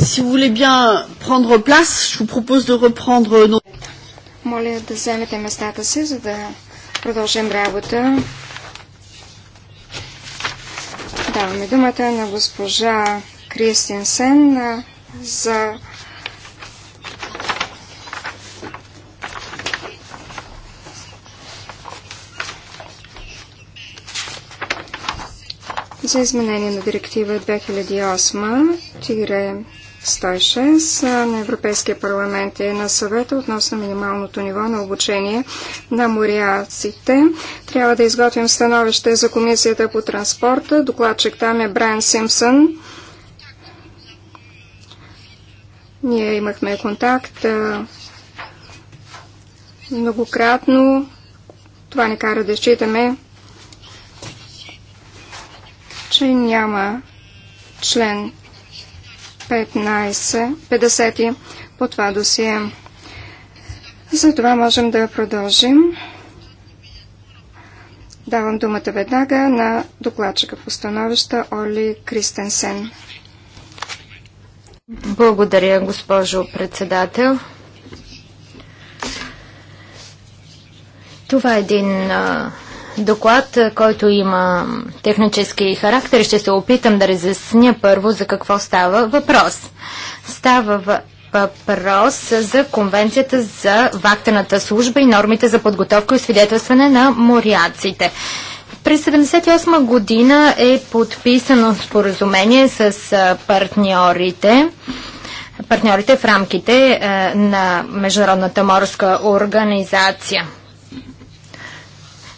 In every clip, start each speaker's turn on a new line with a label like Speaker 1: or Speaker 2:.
Speaker 1: Si vous voulez bien prendre place, je vous propose de reprendre nos... Моля да вземете местата си, за да продължим работа. Даваме думата на госпожа Кристин Сен за за изменение на директива 2008 106 на Европейския парламент и на съвета относно минималното ниво на обучение на моряците. Трябва да изготвим становище за Комисията по транспорта. Докладчик там е Брайан Симпсън. Ние имахме контакт многократно. Това ни кара да считаме, че няма член 15, по това досие. За това можем да продължим. Давам думата веднага на докладчика по становища Оли Кристенсен. Благодаря, госпожо председател.
Speaker 2: Това е един а, доклад, който има технически характер. Ще се опитам да разясня първо за какво става въпрос. Става въпрос за Конвенцията за вактената служба и нормите за подготовка и свидетелстване на моряците. През 1978 година е подписано споразумение с партньорите партньорите в рамките е, на Международната морска организация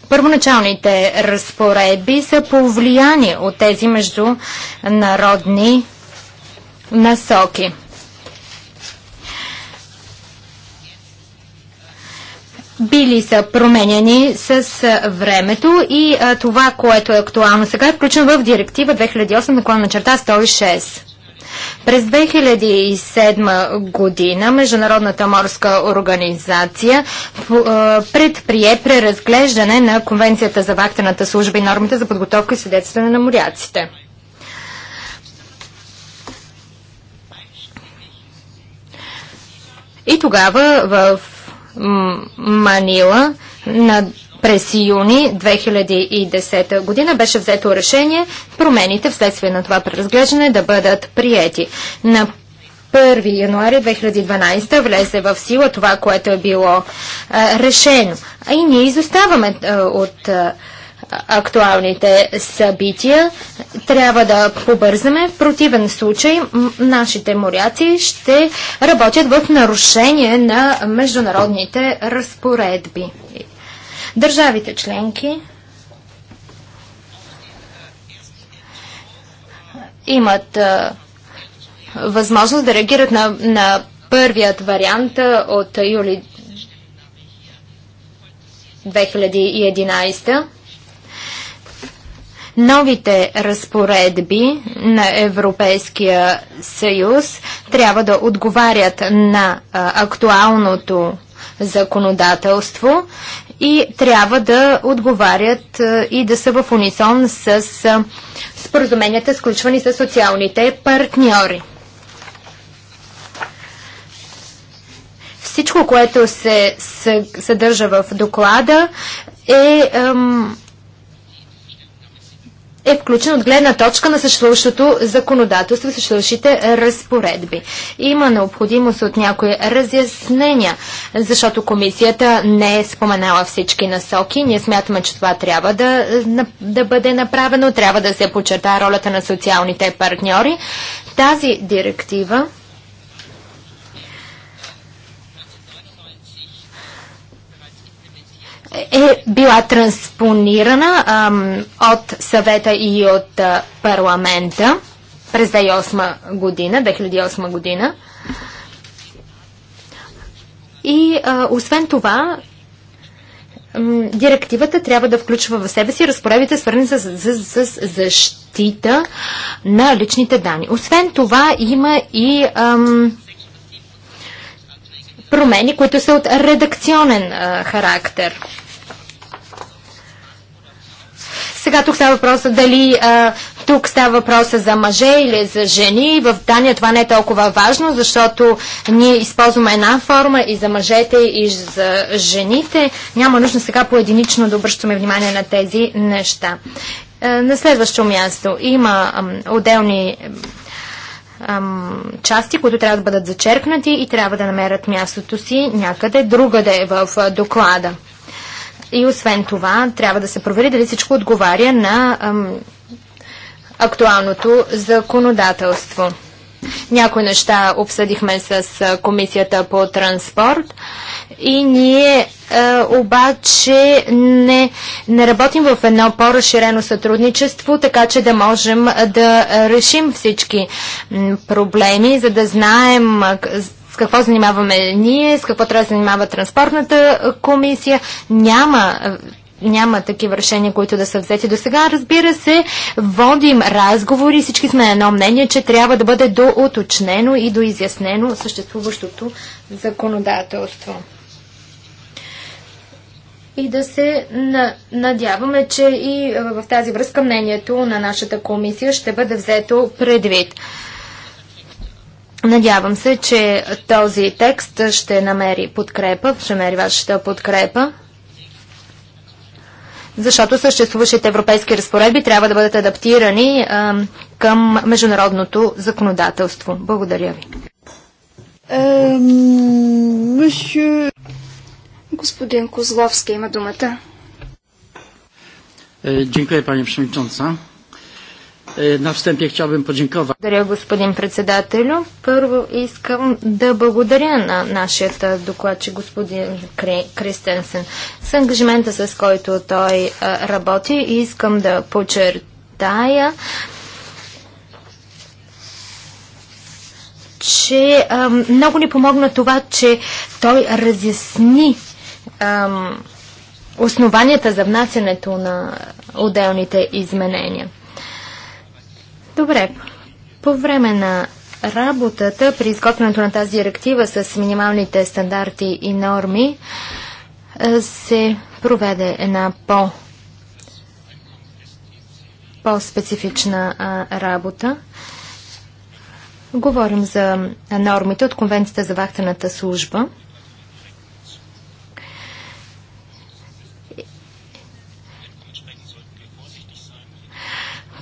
Speaker 2: първоначалните разпоредби са повлияни от тези международни насоки. били са променени с времето и това, което е актуално сега, е включено в директива 2008 наклон на черта 106. През 2007 година Международната морска организация предприе преразглеждане на Конвенцията за вахтената служба и нормите за подготовка и свидетелстване на моряците. И тогава в Манила на през юни 2010 година беше взето решение промените вследствие на това преразглеждане да бъдат приети. На 1 януаря 2012 влезе в сила това, което е било а, решено. А и ние изоставаме а, от а, актуалните събития. Трябва да побързаме. В противен случай нашите моряци ще работят в нарушение на международните разпоредби Държавите членки имат възможност да реагират на, на първият вариант от юли 2011. Новите разпоредби на Европейския съюз трябва да отговарят на актуалното законодателство и трябва да отговарят е, и да са в унисон с е, споразуменията, сключвани с социалните партньори. Всичко, което се съдържа в доклада е ем, е включен от гледна точка на съществуващото законодателство и съществуващите разпоредби. Има необходимост от някои разяснения, защото комисията не е споменала всички насоки. Ние смятаме, че това трябва да, да бъде направено. Трябва да се почерта ролята на социалните партньори. Тази директива е била транспонирана ам, от съвета и от а, парламента през 2008 година, 2008 година. И а, освен това, ам, директивата трябва да включва в себе си разпоредите, свързани с, с, с, с защита на личните данни. Освен това, има и ам, промени, които са от редакционен а, характер. Сега тук става въпроса дали а, тук става въпроса за мъже или за жени. В Дания това не е толкова важно, защото ние използваме една форма и за мъжете, и за жените. Няма нужда сега поединично да обръщаме внимание на тези неща. А, на следващо място има ам, отделни ам, части, които трябва да бъдат зачеркнати и трябва да намерят мястото си някъде другаде в доклада. И освен това, трябва да се провери дали всичко отговаря на ам, актуалното законодателство. Някои неща обсъдихме с Комисията по транспорт и ние е, обаче не, не работим в едно по-разширено сътрудничество, така че да можем да решим всички проблеми, за да знаем с какво занимаваме ние, с какво трябва да занимава транспортната комисия. Няма няма такива решения, които да са взети до сега. Разбира се, водим разговори, всички сме на едно мнение, че трябва да бъде доуточнено и доизяснено съществуващото законодателство. И да се надяваме, че и в тази връзка мнението на нашата комисия ще бъде взето предвид. Надявам се, че този текст ще намери подкрепа, ще намери вашата подкрепа, защото съществуващите европейски разпоредби трябва да бъдат адаптирани а, към международното законодателство.
Speaker 1: Благодаря ви. Ем, Господин Козловски има думата. Е, дякую, пани Przewodnicząca на e, встъпие chciałbym podziękować.
Speaker 2: Благодаря, господин
Speaker 1: председателю.
Speaker 2: Първо искам да благодаря на нашия докладчик господин Кристенсен с ангажимента, с който той работи и искам да подчертая, че много ни помогна това, че той разясни основанията за внасянето на отделните изменения. Добре. По време на работата при изготвянето на тази директива с минималните стандарти и норми е, се проведе една по- по-специфична работа. Говорим за нормите от Конвенцията за вахтената служба –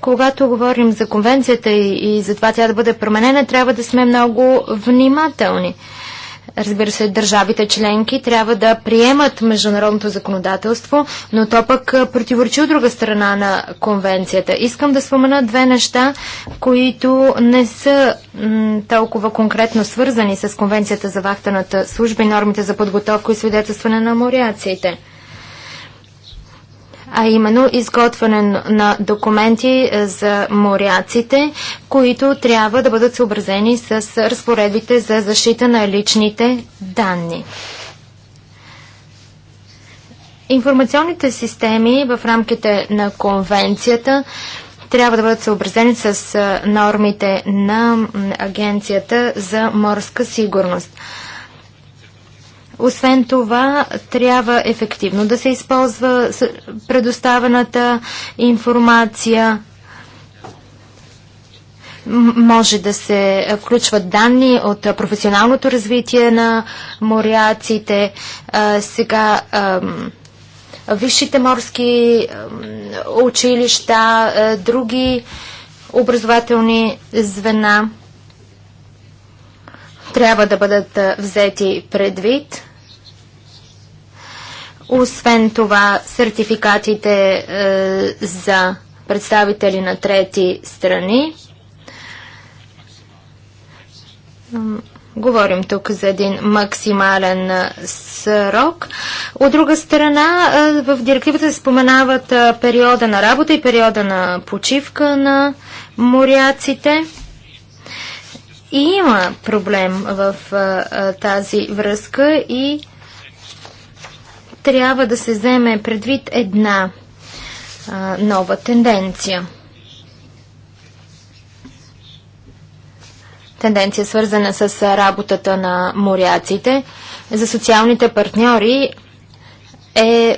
Speaker 2: Когато говорим за конвенцията и, и за това тя да бъде променена, трябва да сме много внимателни. Разбира се, държавите членки трябва да приемат международното законодателство, но то пък противоречи от друга страна на конвенцията. Искам да спомена две неща, които не са толкова конкретно свързани с конвенцията за вахтаната служба и нормите за подготовка и свидетелстване на моряците а именно изготвяне на документи е, за моряците, които трябва да бъдат съобразени с разпоредбите за защита на личните данни. Информационните системи в рамките на конвенцията трябва да бъдат съобразени с е, нормите на Агенцията за морска сигурност. Освен това, трябва ефективно да се използва предоставената информация. Може да се включват данни от професионалното развитие на моряците. Сега висшите морски училища, други образователни звена – трябва да бъдат взети предвид. Освен това, сертификатите е, за представители на трети страни. Говорим тук за един максимален срок. От друга страна, е, в директивата се споменават периода на работа и периода на почивка на моряците. И има проблем в а, тази връзка и трябва да се вземе предвид една а, нова тенденция. Тенденция свързана с работата на моряците. За социалните партньори е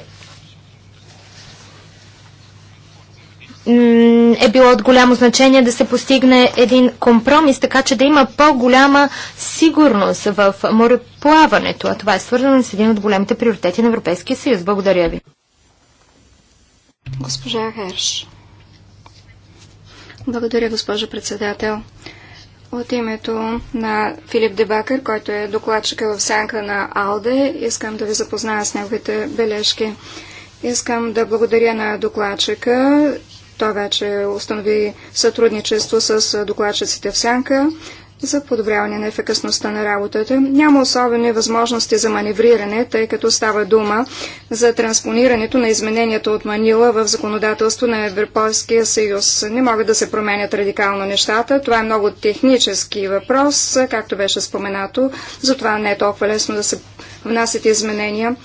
Speaker 2: е било от голямо значение да се постигне един компромис, така че да има по-голяма сигурност в мореплаването. А това е свързано с един от големите приоритети на Европейския съюз. Благодаря ви.
Speaker 1: Госпожа Херш. Благодаря, госпожа председател. От името на Филип Дебакър, който е докладчика в сянка на АЛДЕ, искам да ви запозная с неговите бележки. Искам да благодаря на докладчика той вече установи сътрудничество с докладчиците в Сянка за подобряване на ефикасността на работата. Няма особени възможности за маневриране, тъй като става дума за транспонирането на измененията от Манила в законодателство на Европейския съюз. Не могат да се променят радикално нещата. Това е много технически въпрос, както беше споменато. Затова не е толкова лесно да се внасят изменения.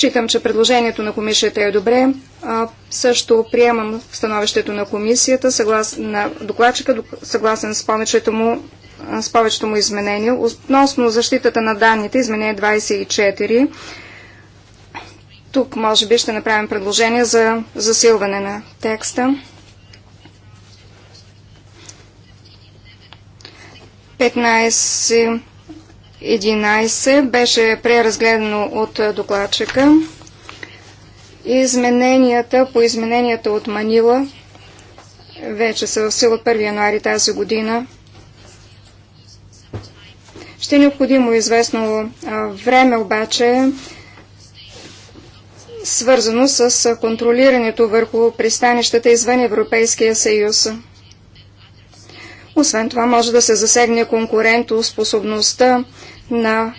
Speaker 1: Считам, че предложението на комисията е добре. А, също приемам становището на комисията, съглас, на докладчика, съгласен с повечето му с повечето му изменения. Относно защитата на данните, изменение 24, тук може би ще направим предложение за засилване на текста. 15 11 беше преразгледано от е, докладчика. Измененията по измененията от Манила вече са в сила 1 януари тази година. Ще е необходимо известно е, време обаче, свързано с е, контролирането върху пристанищата извън Европейския съюз. Освен това може да се засегне конкурентоспособността на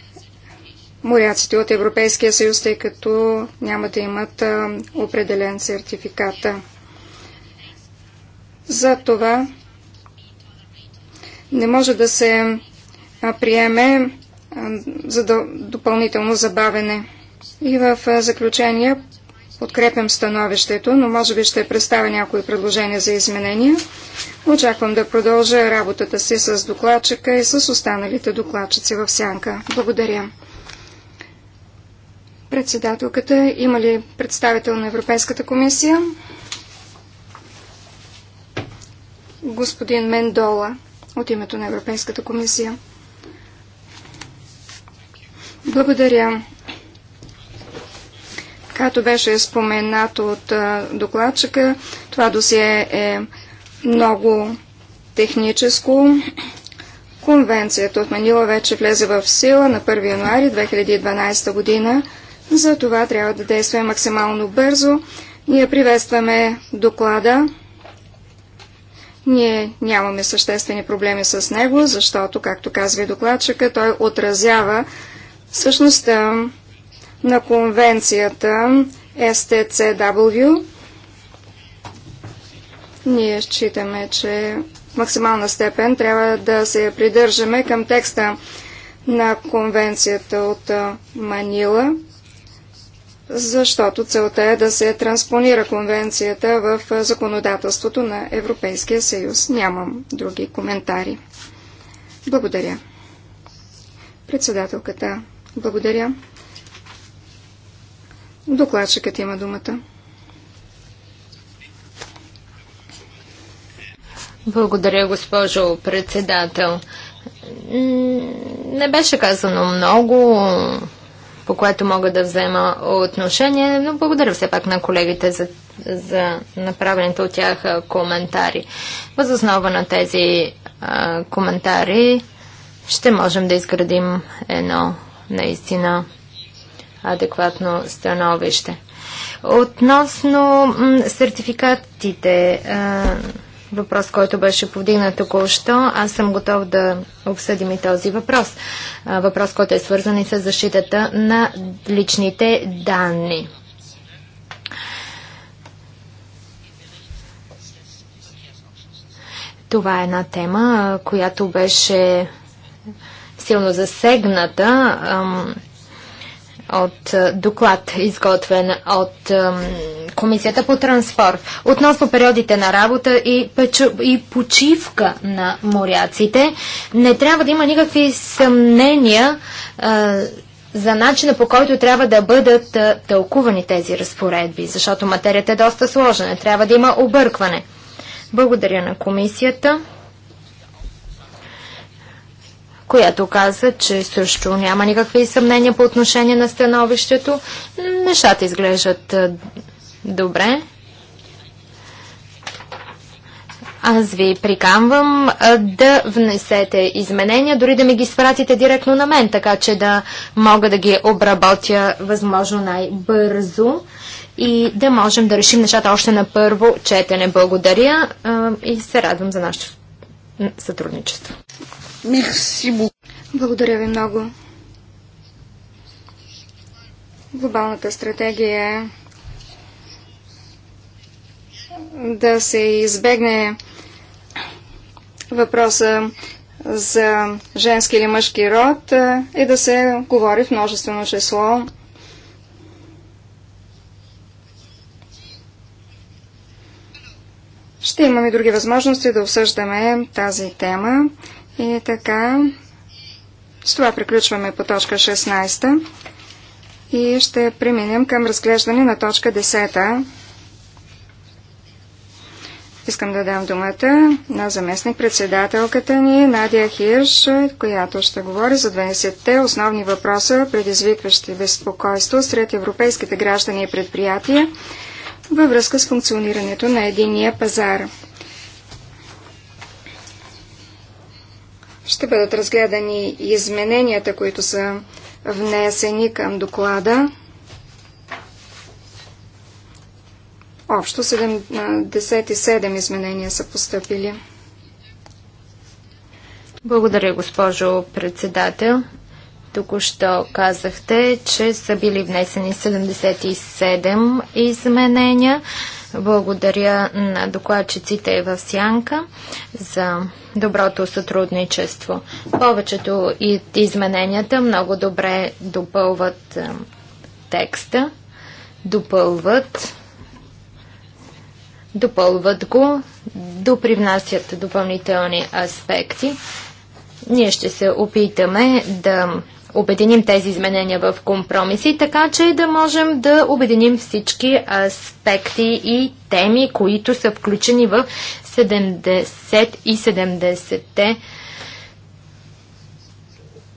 Speaker 1: моряците от Европейския съюз, тъй като няма да имат определен сертификат. За това не може да се приеме за допълнително забавене. И в заключение подкрепям становището, но може би ще представя някои предложения за изменения. Очаквам да продължа работата си с докладчика и с останалите докладчици в сянка. Благодаря. Председателката, има ли представител на Европейската комисия? Господин Мендола от името на Европейската комисия. Благодаря, Както беше споменато от докладчика, това досие е много техническо. Конвенцията от Манила вече влезе в сила на 1 януари 2012 година. За това трябва да действаме максимално бързо. Ние приветстваме доклада. Ние нямаме съществени проблеми с него, защото, както казва и докладчика, той отразява същността на конвенцията STCW. Ние считаме, че в максимална степен трябва да се придържаме към текста на конвенцията от Манила, защото целта е да се транспонира конвенцията в законодателството на Европейския съюз. Нямам други коментари. Благодаря. Председателката, благодаря. Докладчикът има думата.
Speaker 2: Благодаря, госпожо председател. Не беше казано много, по което мога да взема отношение, но благодаря все пак на колегите за, за направените от тях коментари. Възоснова на тези а, коментари ще можем да изградим едно наистина адекватно становище. Относно сертификатите, въпрос, който беше повдигнат току-що, аз съм готов да обсъдим и този въпрос. Въпрос, който е свързан и с защитата на личните данни. Това е една тема, която беше силно засегната от е, доклад, изготвен от е, Комисията по транспорт, относно периодите на работа и, почивка на моряците. Не трябва да има никакви съмнения е, за начина по който трябва да бъдат тълкувани тези разпоредби, защото материята е доста сложена. Трябва да има объркване. Благодаря на комисията която каза, че също няма никакви съмнения по отношение на становището. Нещата изглеждат добре. Аз ви приканвам да внесете изменения, дори да ми ги спратите директно на мен, така че да мога да ги обработя възможно най-бързо и да можем да решим нещата още на първо четене. Благодаря и се радвам за нашето сътрудничество.
Speaker 1: Мерси Благодаря ви много. Глобалната стратегия е да се избегне въпроса за женски или мъжки род и да се говори в множествено число. Ще имаме други възможности да обсъждаме тази тема. И така, с това приключваме по точка 16 и ще преминем към разглеждане на точка 10. Искам да дам думата на заместник-председателката ни Надя Хирш, която ще говори за 20-те основни въпроса, предизвикващи безпокойство сред европейските граждани и предприятия във връзка с функционирането на единния пазар. ще бъдат разгледани измененията, които са внесени към доклада. Общо 77 изменения са поступили. Благодаря,
Speaker 2: госпожо председател. Току-що казахте, че са били внесени 77 изменения. Благодаря на докладчиците в Сянка за доброто сътрудничество. Повечето измененията много добре допълват е, текста, допълват, допълват го, допривнасят допълнителни аспекти. Ние ще се опитаме да обединим тези изменения в компромиси, така че да можем да обединим всички аспекти и теми, които са включени в 70 и 70-те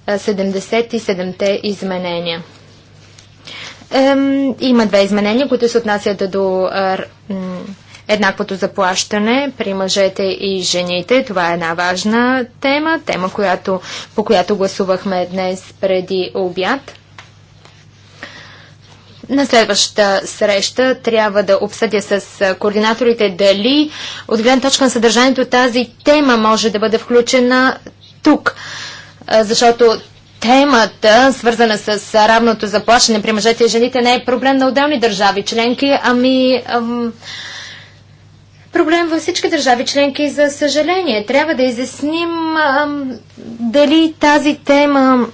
Speaker 2: 77-те изменения. Ем, има две изменения, които се отнасят до а, еднаквото заплащане при мъжете и жените. Това е една важна тема, тема, която, по която гласувахме днес преди обяд. На следващата среща трябва да обсъдя с координаторите дали от гледна точка на съдържанието тази тема може да бъде включена тук, защото темата, свързана с равното заплащане при мъжете и жените, не е проблем на отделни държави членки, ами... ам, проблем във всички държави членки, за съжаление. Трябва да изясним ам, дали тази тема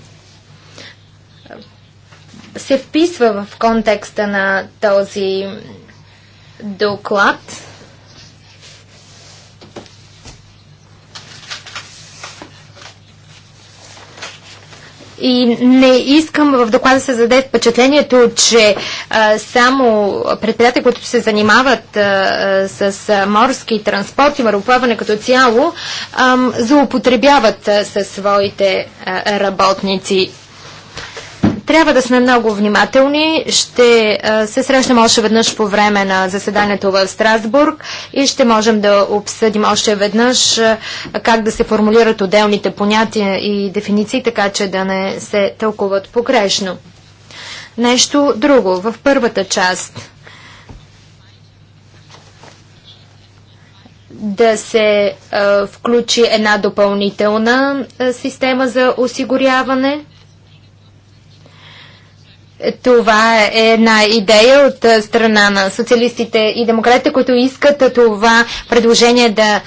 Speaker 2: се вписва в контекста на този доклад. И не искам в доклада се заде впечатлението, че а, само предприятия, които се занимават а, с морски транспорт и мореплаване като цяло, а, злоупотребяват а, със своите а, работници. Трябва да сме много внимателни. Ще се срещнем още веднъж по време на заседанието в Страсбург и ще можем да обсъдим още веднъж как да се формулират отделните понятия и дефиниции, така че да не се тълкуват погрешно. Нещо друго в първата част. да се а, включи една допълнителна а, система за осигуряване. Това е една идея от страна на социалистите и демократите, които искат това предложение да,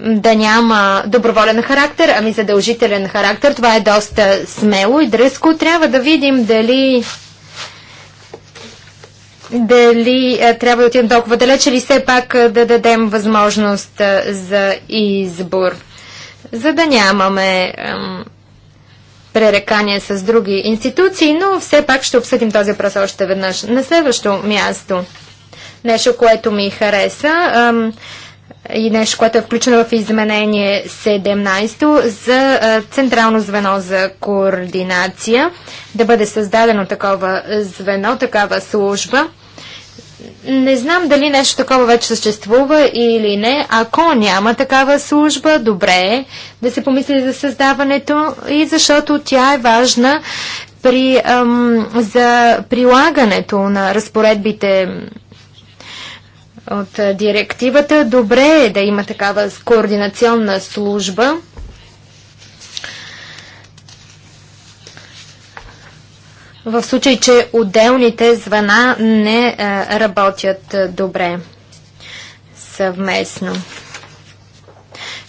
Speaker 2: да няма доброволен характер, ами задължителен характер. Това е доста смело и дръзко. Трябва да видим дали дали трябва да отидем толкова далеч или все пак да дадем възможност за избор, за да нямаме ам, пререкания с други институции, но все пак ще обсъдим този въпрос още веднъж. На следващо място, нещо, което ми хареса ам, и нещо, което е включено в изменение 17 за а, Централно звено за координация, да бъде създадено такова звено, такава служба не знам дали нещо такова вече съществува или не. Ако няма такава служба, добре е да се помисли за създаването и защото тя е важна при, ам, за прилагането на разпоредбите от директивата. Добре е да има такава координационна служба. в случай, че отделните звена не а, е, работят е, добре съвместно.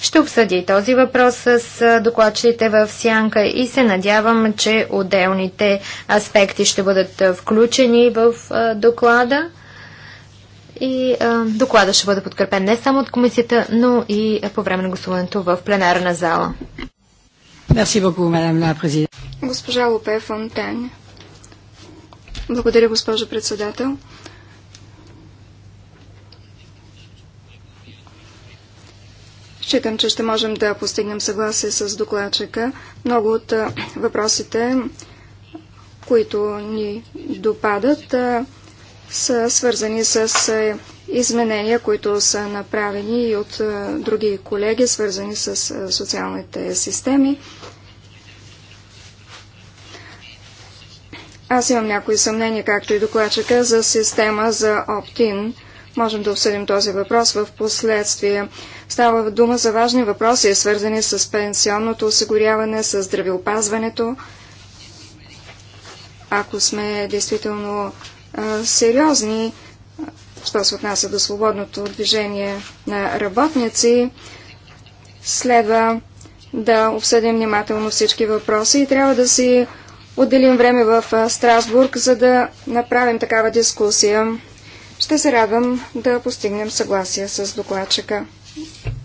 Speaker 2: Ще обсъди този въпрос с е, докладчите в Сянка и се надявам, че отделните аспекти ще бъдат включени в доклада. И а, доклада ще бъде подкрепен не само от комисията, но и по време на гласуването в пленарна зала.
Speaker 3: Merci
Speaker 1: beaucoup, madame la Госпожа Лопе Фонтань. Благодаря, госпожо председател. Считам, че ще можем да постигнем съгласие с докладчика. Много от въпросите, които ни допадат, са свързани с изменения, които са направени и от други колеги, свързани с социалните системи. Аз имам някои съмнения, както и докладчика, за система за оптин. Можем да обсъдим този въпрос в последствие. Става дума за важни въпроси, свързани с пенсионното осигуряване, с здравеопазването. Ако сме действително а, сериозни, що се отнася до свободното движение на работници, следва да обсъдим внимателно всички въпроси и трябва да си отделим време в Страсбург, за да направим такава дискусия. Ще се радвам да постигнем съгласие с докладчика.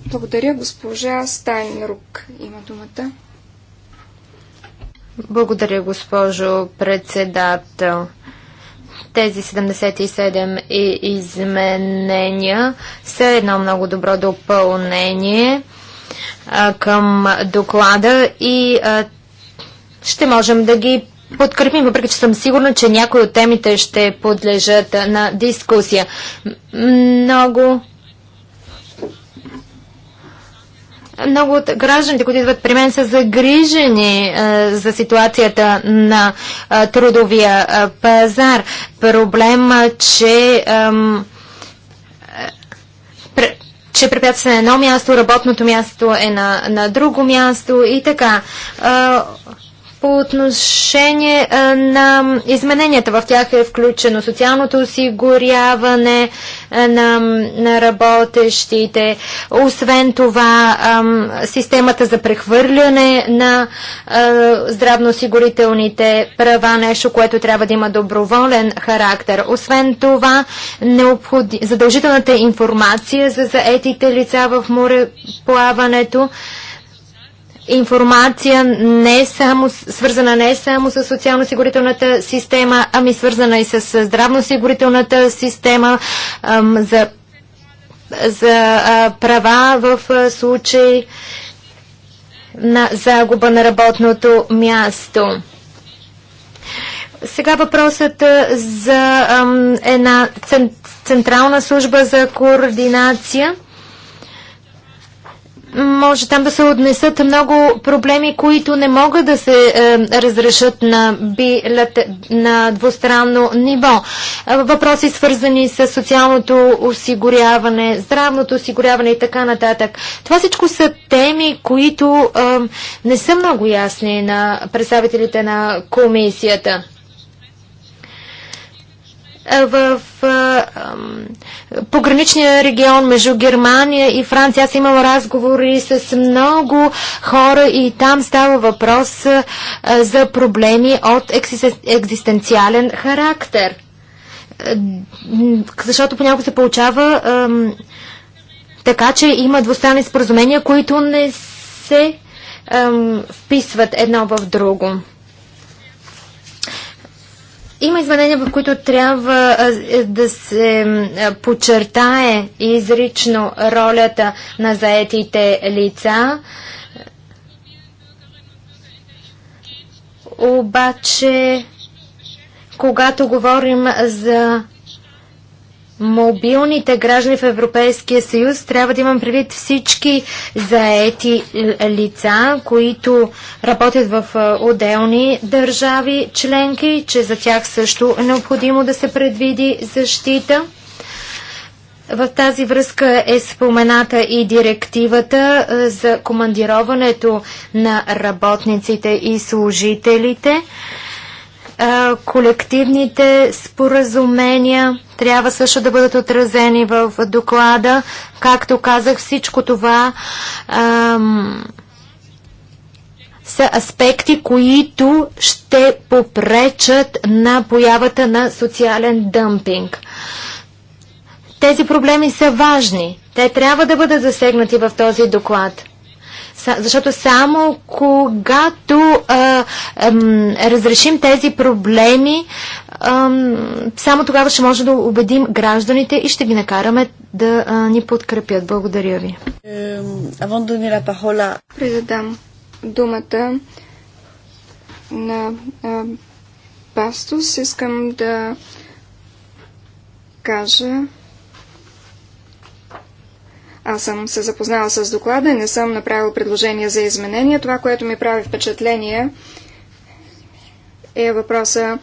Speaker 1: Благодаря, госпожа Стайнрук. Има думата.
Speaker 2: Благодаря, госпожо председател. Тези 77 изменения са едно много добро допълнение към доклада и ще можем да ги подкрепим, въпреки че съм сигурна, че някои от темите ще подлежат на дискусия. Много много от гражданите, които идват при мен, са загрижени е, за ситуацията на е, трудовия е, пазар. Проблема, че е, че препятства на едно място, работното място е на, на друго място и така. Е, по отношение а, на измененията в тях е включено социалното осигуряване а, на, на работещите, освен това а, системата за прехвърляне на здравноосигурителните права, нещо, което трябва да има доброволен характер. Освен това, задължителната информация за заетите лица в мореплаването, плаването, информация не само, свързана не само с социално-осигурителната система, ами свързана и с здравно-осигурителната система, ам, за, за а, права в а, случай на загуба на работното място. Сега въпросът за ам, една централна служба за координация – може там да се отнесат много проблеми, които не могат да се е, разрешат на, билет, на двустранно ниво. Въпроси свързани с социалното осигуряване, здравното осигуряване и така нататък. Това всичко са теми, които е, не са много ясни на представителите на комисията. Е, в е, пограничния регион между Германия и Франция. Аз имала разговори с много хора и там става въпрос е, за проблеми от екзистенциален характер. Защото понякога се получава така, че има двустранни споразумения, които не се вписват едно в друго. Има изменения, в които трябва да се подчертае изрично ролята на заетите лица. Обаче, когато говорим за мобилните граждани в Европейския съюз трябва да имам предвид всички заети лица, които работят в отделни държави членки, че за тях също е необходимо да се предвиди защита. В тази връзка е спомената и директивата за командироването на работниците и служителите колективните споразумения трябва също да бъдат отразени в доклада. Както казах, всичко това ам, са аспекти, които ще попречат на появата на социален дъмпинг. Тези проблеми са важни. Те трябва да бъдат засегнати в този доклад. Защото само когато а, ам, разрешим тези проблеми, ам, само тогава ще може да убедим гражданите и ще ги накараме да а, ни подкрепят. Благодаря
Speaker 1: ви. Предадам думата на а, Бастус. Искам да кажа, аз съм се запознала с доклада и не съм направила предложение за изменение. Това, което ми прави впечатление е въпроса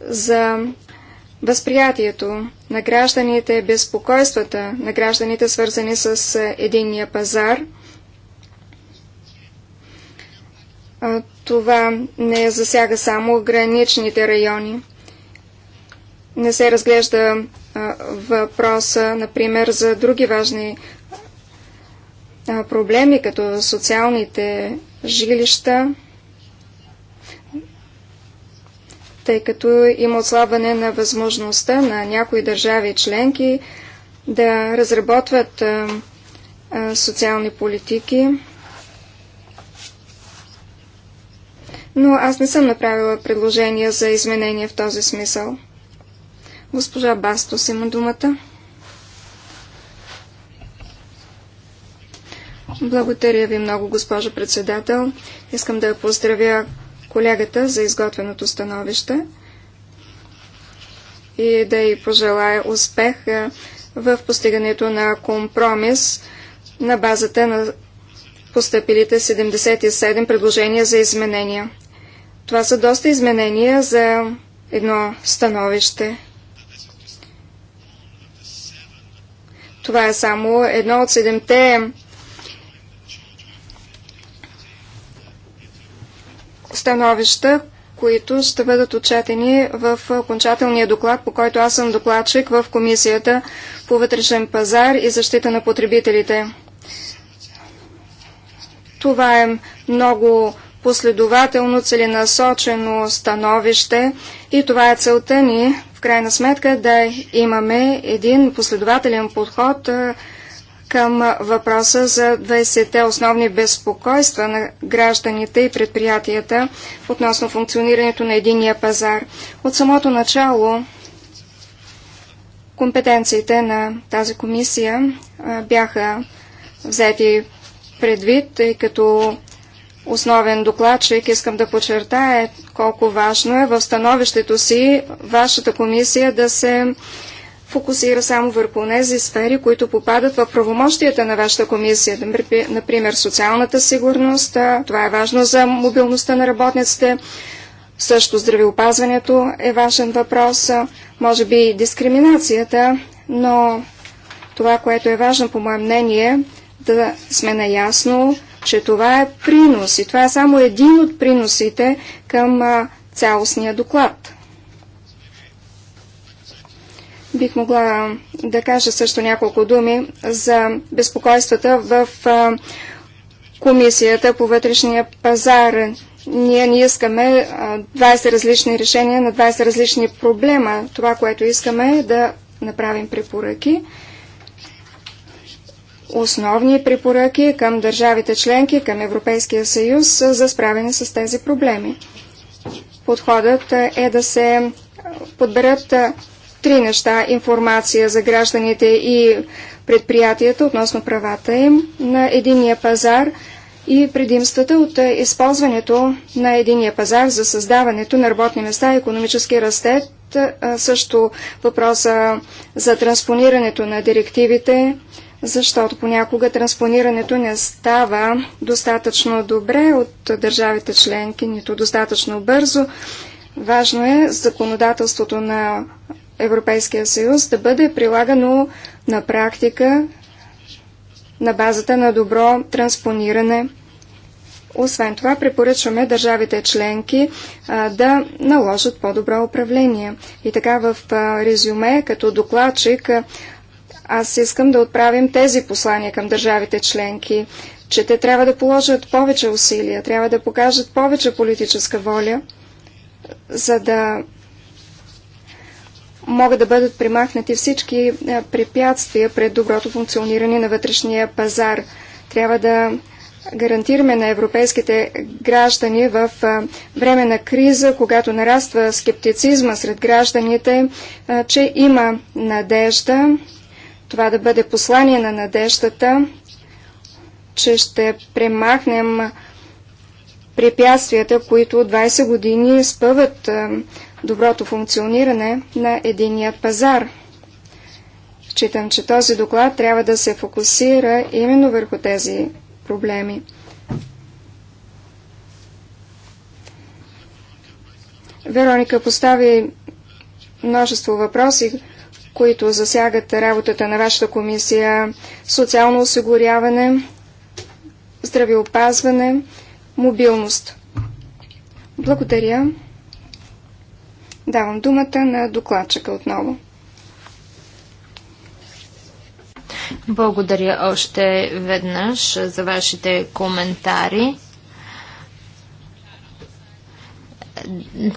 Speaker 1: за възприятието на гражданите, безпокойствата на гражданите, свързани с е, единния пазар. Това не засяга само граничните райони не се разглежда въпроса, например, за други важни проблеми, като социалните жилища, тъй като има отслабване на възможността на някои държави членки да разработват социални политики. Но аз не съм направила предложения за изменения в този смисъл. Госпожа Бастос има думата. Благодаря ви много, госпожо председател. Искам да поздравя колегата за изготвеното становище и да й пожелая успех е, в постигането на компромис на базата на постъпилите 77 предложения за изменения. Това са доста изменения за едно становище. Това е само едно от седемте становища, които ще бъдат отчетени в окончателния доклад, по който аз съм докладчик в Комисията по вътрешен пазар и защита на потребителите. Това е много последователно, целенасочено становище и това е целта ни крайна сметка да имаме един последователен подход към въпроса за 20-те основни безпокойства на гражданите и предприятията относно функционирането на единия пазар. От самото начало компетенциите на тази комисия бяха взети предвид, тъй като основен докладчик, искам да подчертая колко важно е в становището си вашата комисия да се фокусира само върху тези сфери, които попадат в правомощията на вашата комисия. Например, социалната сигурност, това е важно за мобилността на работниците, също здравеопазването е важен въпрос, може би и дискриминацията, но това, което е важно по мое мнение, да сме наясно, че това е принос и това е само един от приносите към цялостния доклад. Бих могла да кажа също няколко думи за безпокойствата в Комисията по вътрешния пазар. Ние не искаме 20 различни решения на 20 различни проблема. Това, което искаме е да направим препоръки основни препоръки към държавите членки, към Европейския съюз за справяне с тези проблеми. Подходът е да се подберат три неща информация за гражданите и предприятията относно правата им на единия пазар и предимствата от използването на единия пазар за създаването на работни места и економически растет, също въпроса за транспонирането на директивите, защото понякога транспонирането не става достатъчно добре от държавите членки, нито достатъчно бързо. Важно е законодателството на Европейския съюз да бъде прилагано на практика на базата на добро транспониране. Освен това, препоръчваме държавите членки а, да наложат по-добро управление. И така в а, резюме, като докладчик, а, аз искам да отправим тези послания към държавите членки, че те трябва да положат повече усилия, трябва да покажат повече политическа воля, за да могат да бъдат примахнати всички е, препятствия пред доброто функциониране на вътрешния пазар. Трябва да гарантираме на европейските граждани в е, време на криза, когато нараства скептицизма сред гражданите, е, че има надежда това да бъде послание на надеждата, че ще премахнем препятствията, които 20 години спъват доброто функциониране на единият пазар. Читам, че този доклад трябва да се фокусира именно върху тези проблеми. Вероника постави множество въпроси, които засягат работата на вашата комисия, социално осигуряване, здравеопазване, мобилност. Благодаря. Давам думата на докладчика отново. Благодаря
Speaker 2: още веднъж за вашите коментари.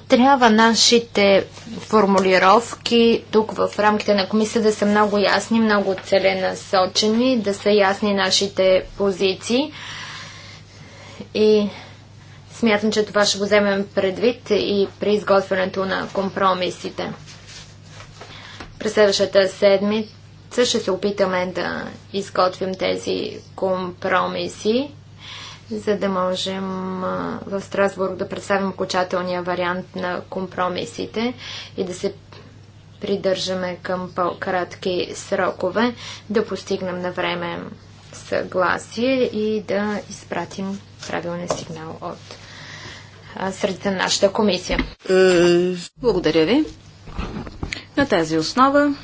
Speaker 2: трябва нашите формулировки тук в рамките на комисия да са много ясни, много целенасочени, да са ясни нашите позиции. И смятам, че това ще го вземем предвид и при изготвянето на компромисите. През следващата седмица ще се опитаме да изготвим тези компромиси за да можем в Страсбург да представим окончателния вариант на компромисите и да се придържаме към по-кратки срокове, да постигнем на време съгласие и да изпратим правилния сигнал от сред на нашата комисия. Благодаря ви. На
Speaker 3: тази основа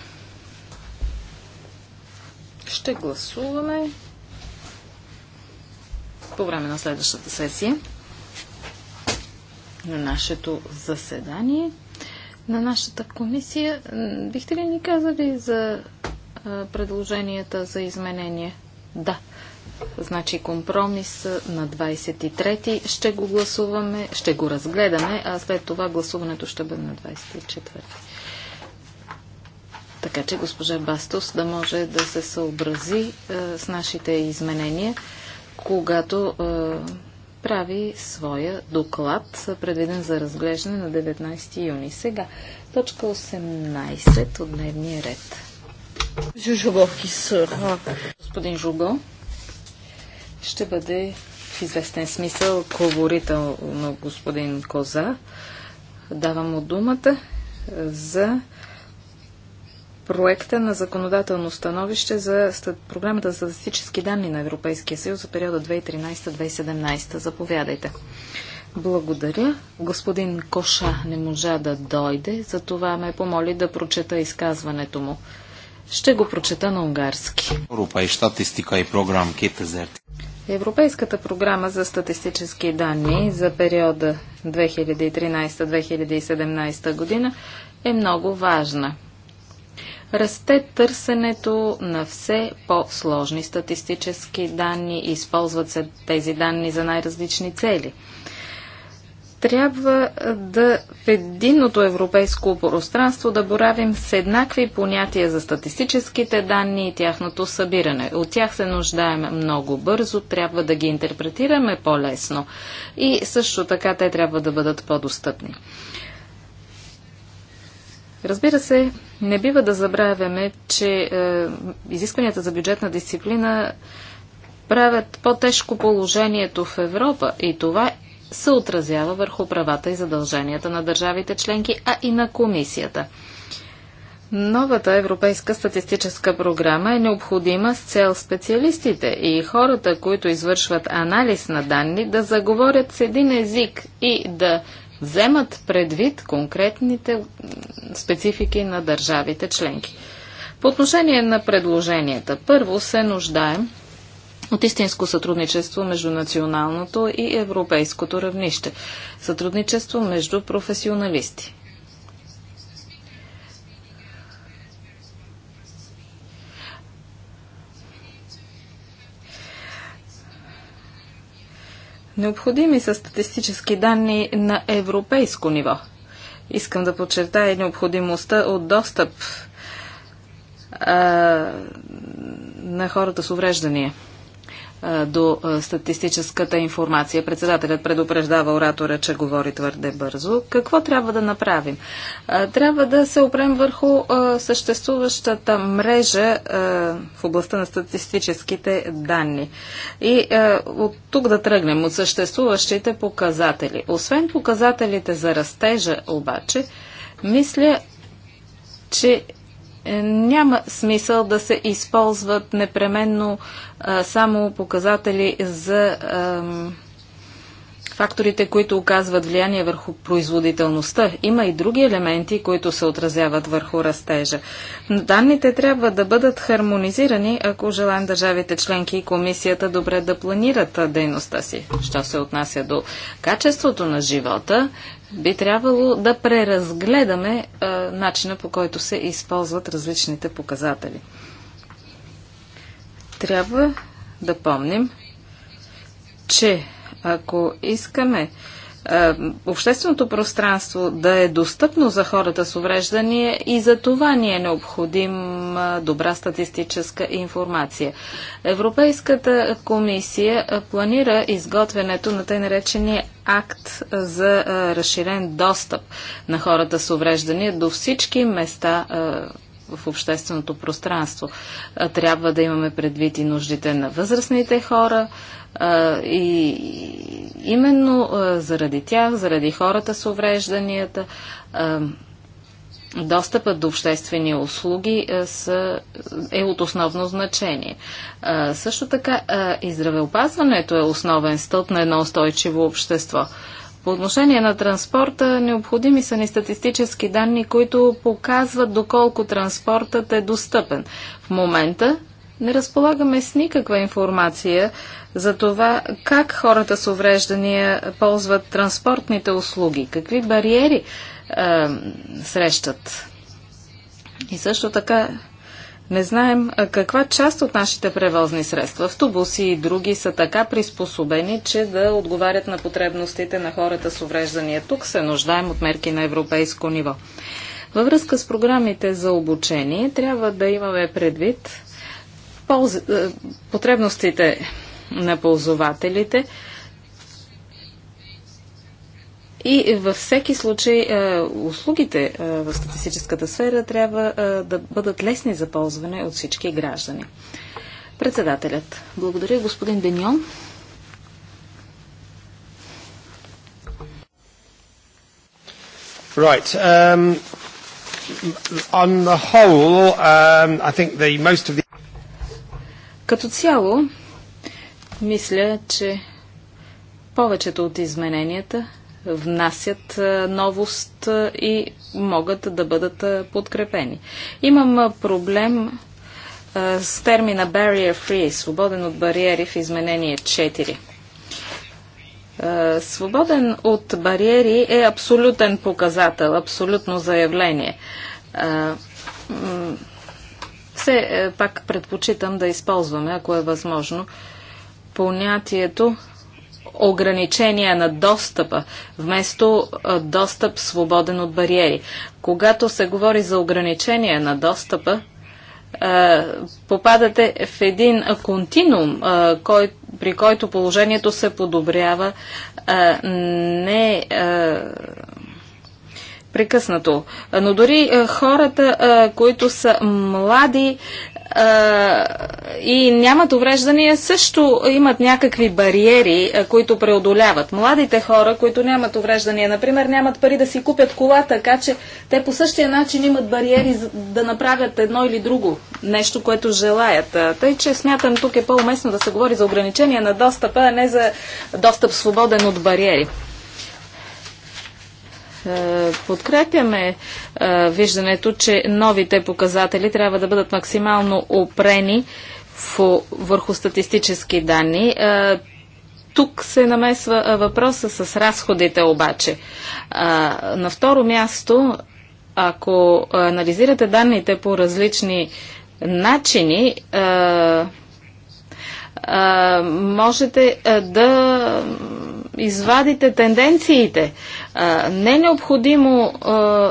Speaker 3: ще гласуваме по време на следващата сесия на нашето заседание, на нашата комисия. Бихте ли ни казали за предложенията за изменение? Да. Значи компромис на 23-ти ще го гласуваме, ще го разгледаме, а след това гласуването ще бъде на 24-ти. Така че госпожа Бастус, да може да се съобрази с нашите изменения когато прави своя доклад, предвиден за разглеждане на 19 юни. Сега, точка 18 от дневния ред. Господин Жуго ще бъде в известен смисъл говорител на господин Коза. Давам му думата за проекта на законодателно становище за програмата за статистически данни на Европейския съюз за периода 2013-2017. Заповядайте. Благодаря. Господин Коша не можа да дойде, затова ме помоли да прочета изказването му. Ще го прочета на унгарски.
Speaker 2: Европа и е статистика и програм
Speaker 3: Европейската програма за статистически данни за периода 2013-2017 година е много важна. Расте търсенето на все по-сложни статистически данни, използват се тези данни за най-различни цели трябва да в единното европейско пространство да боравим с еднакви понятия за статистическите данни и тяхното събиране. От тях се нуждаем много бързо, трябва да ги интерпретираме по-лесно и също така те трябва да бъдат по-достъпни. Разбира се, не бива да забравяме, че е, изискванията за бюджетна дисциплина правят по-тежко положението в Европа и това се отразява върху правата и задълженията на държавите членки, а и на комисията. Новата европейска статистическа програма е необходима с цел специалистите и хората, които извършват анализ на данни, да заговорят с един език и да вземат предвид конкретните специфики на държавите членки. По отношение на предложенията, първо се нуждаем от истинско сътрудничество между националното и европейското равнище. Сътрудничество между професионалисти. Необходими са статистически данни на европейско ниво. Искам да подчертая необходимостта от достъп а, на хората с увреждания до статистическата информация. Председателят предупреждава оратора, че говори твърде бързо. Какво трябва да направим? Трябва да се опрем върху съществуващата мрежа в областта на статистическите данни. И от тук да тръгнем от съществуващите показатели. Освен показателите за растежа, обаче, мисля, че е, няма смисъл да се използват непременно а, само показатели за факторите, които оказват влияние върху производителността. Има и други елементи, които се отразяват върху растежа. Данните трябва да бъдат хармонизирани, ако желаем държавите членки и комисията добре да планират дейността си. Що се отнася до качеството на живота, би трябвало да преразгледаме а, начина по който се използват различните показатели. Трябва да помним, че ако искаме общественото пространство да е достъпно за хората с увреждания и за това ни е необходим добра статистическа информация. Европейската комисия планира изготвянето на тъй наречения акт за разширен достъп на хората с увреждания до всички места в общественото пространство. Трябва да имаме предвид и нуждите на възрастните хора, и именно заради тях, заради хората с уврежданията, достъпът до обществени услуги е от основно значение. Също така и здравеопазването е основен стълб на едно устойчиво общество. По отношение на транспорта, необходими са ни статистически данни, които показват доколко транспортът е достъпен. В момента не разполагаме с никаква информация за това как хората с увреждания ползват транспортните услуги, какви бариери е, срещат. И също така не знаем каква част от нашите превозни средства, автобуси и други, са така приспособени, че да отговарят на потребностите на хората с увреждания. Тук се нуждаем от мерки на европейско ниво. Във връзка с програмите за обучение трябва да имаме предвид полз... потребностите на ползователите. И във всеки случай е, услугите е, в статистическата сфера трябва е, да бъдат лесни за ползване от всички граждани. Председателят. Благодаря, господин Деньон. Right. Um, on the whole, um, I think the most of the... Като цяло, мисля, че повечето от измененията внасят новост и могат да бъдат подкрепени. Имам проблем с термина barrier free, свободен от бариери в изменение 4. Свободен от бариери е абсолютен показател, абсолютно заявление. Все е, пак предпочитам да използваме, ако е възможно, понятието ограничения на достъпа, вместо достъп свободен от бариери. Когато се говори за ограничение на достъпа, попадате в един континуум, при който положението се подобрява не прекъснато. Но дори хората, които са млади, и нямат увреждания, също имат някакви бариери, които преодоляват. Младите хора, които нямат увреждания, например, нямат пари да си купят кола, така че те по същия начин имат бариери да направят едно или друго нещо, което желаят. Тъй, че смятам тук е по-уместно да се говори за ограничения на достъпа, а не за достъп свободен от бариери. Е, подкрепяме е, виждането, че новите показатели трябва да бъдат максимално опрени върху статистически данни. Е, тук се намесва въпроса с разходите обаче. На второ място, ако анализирате данните по различни начини, можете да извадите тенденциите не е необходимо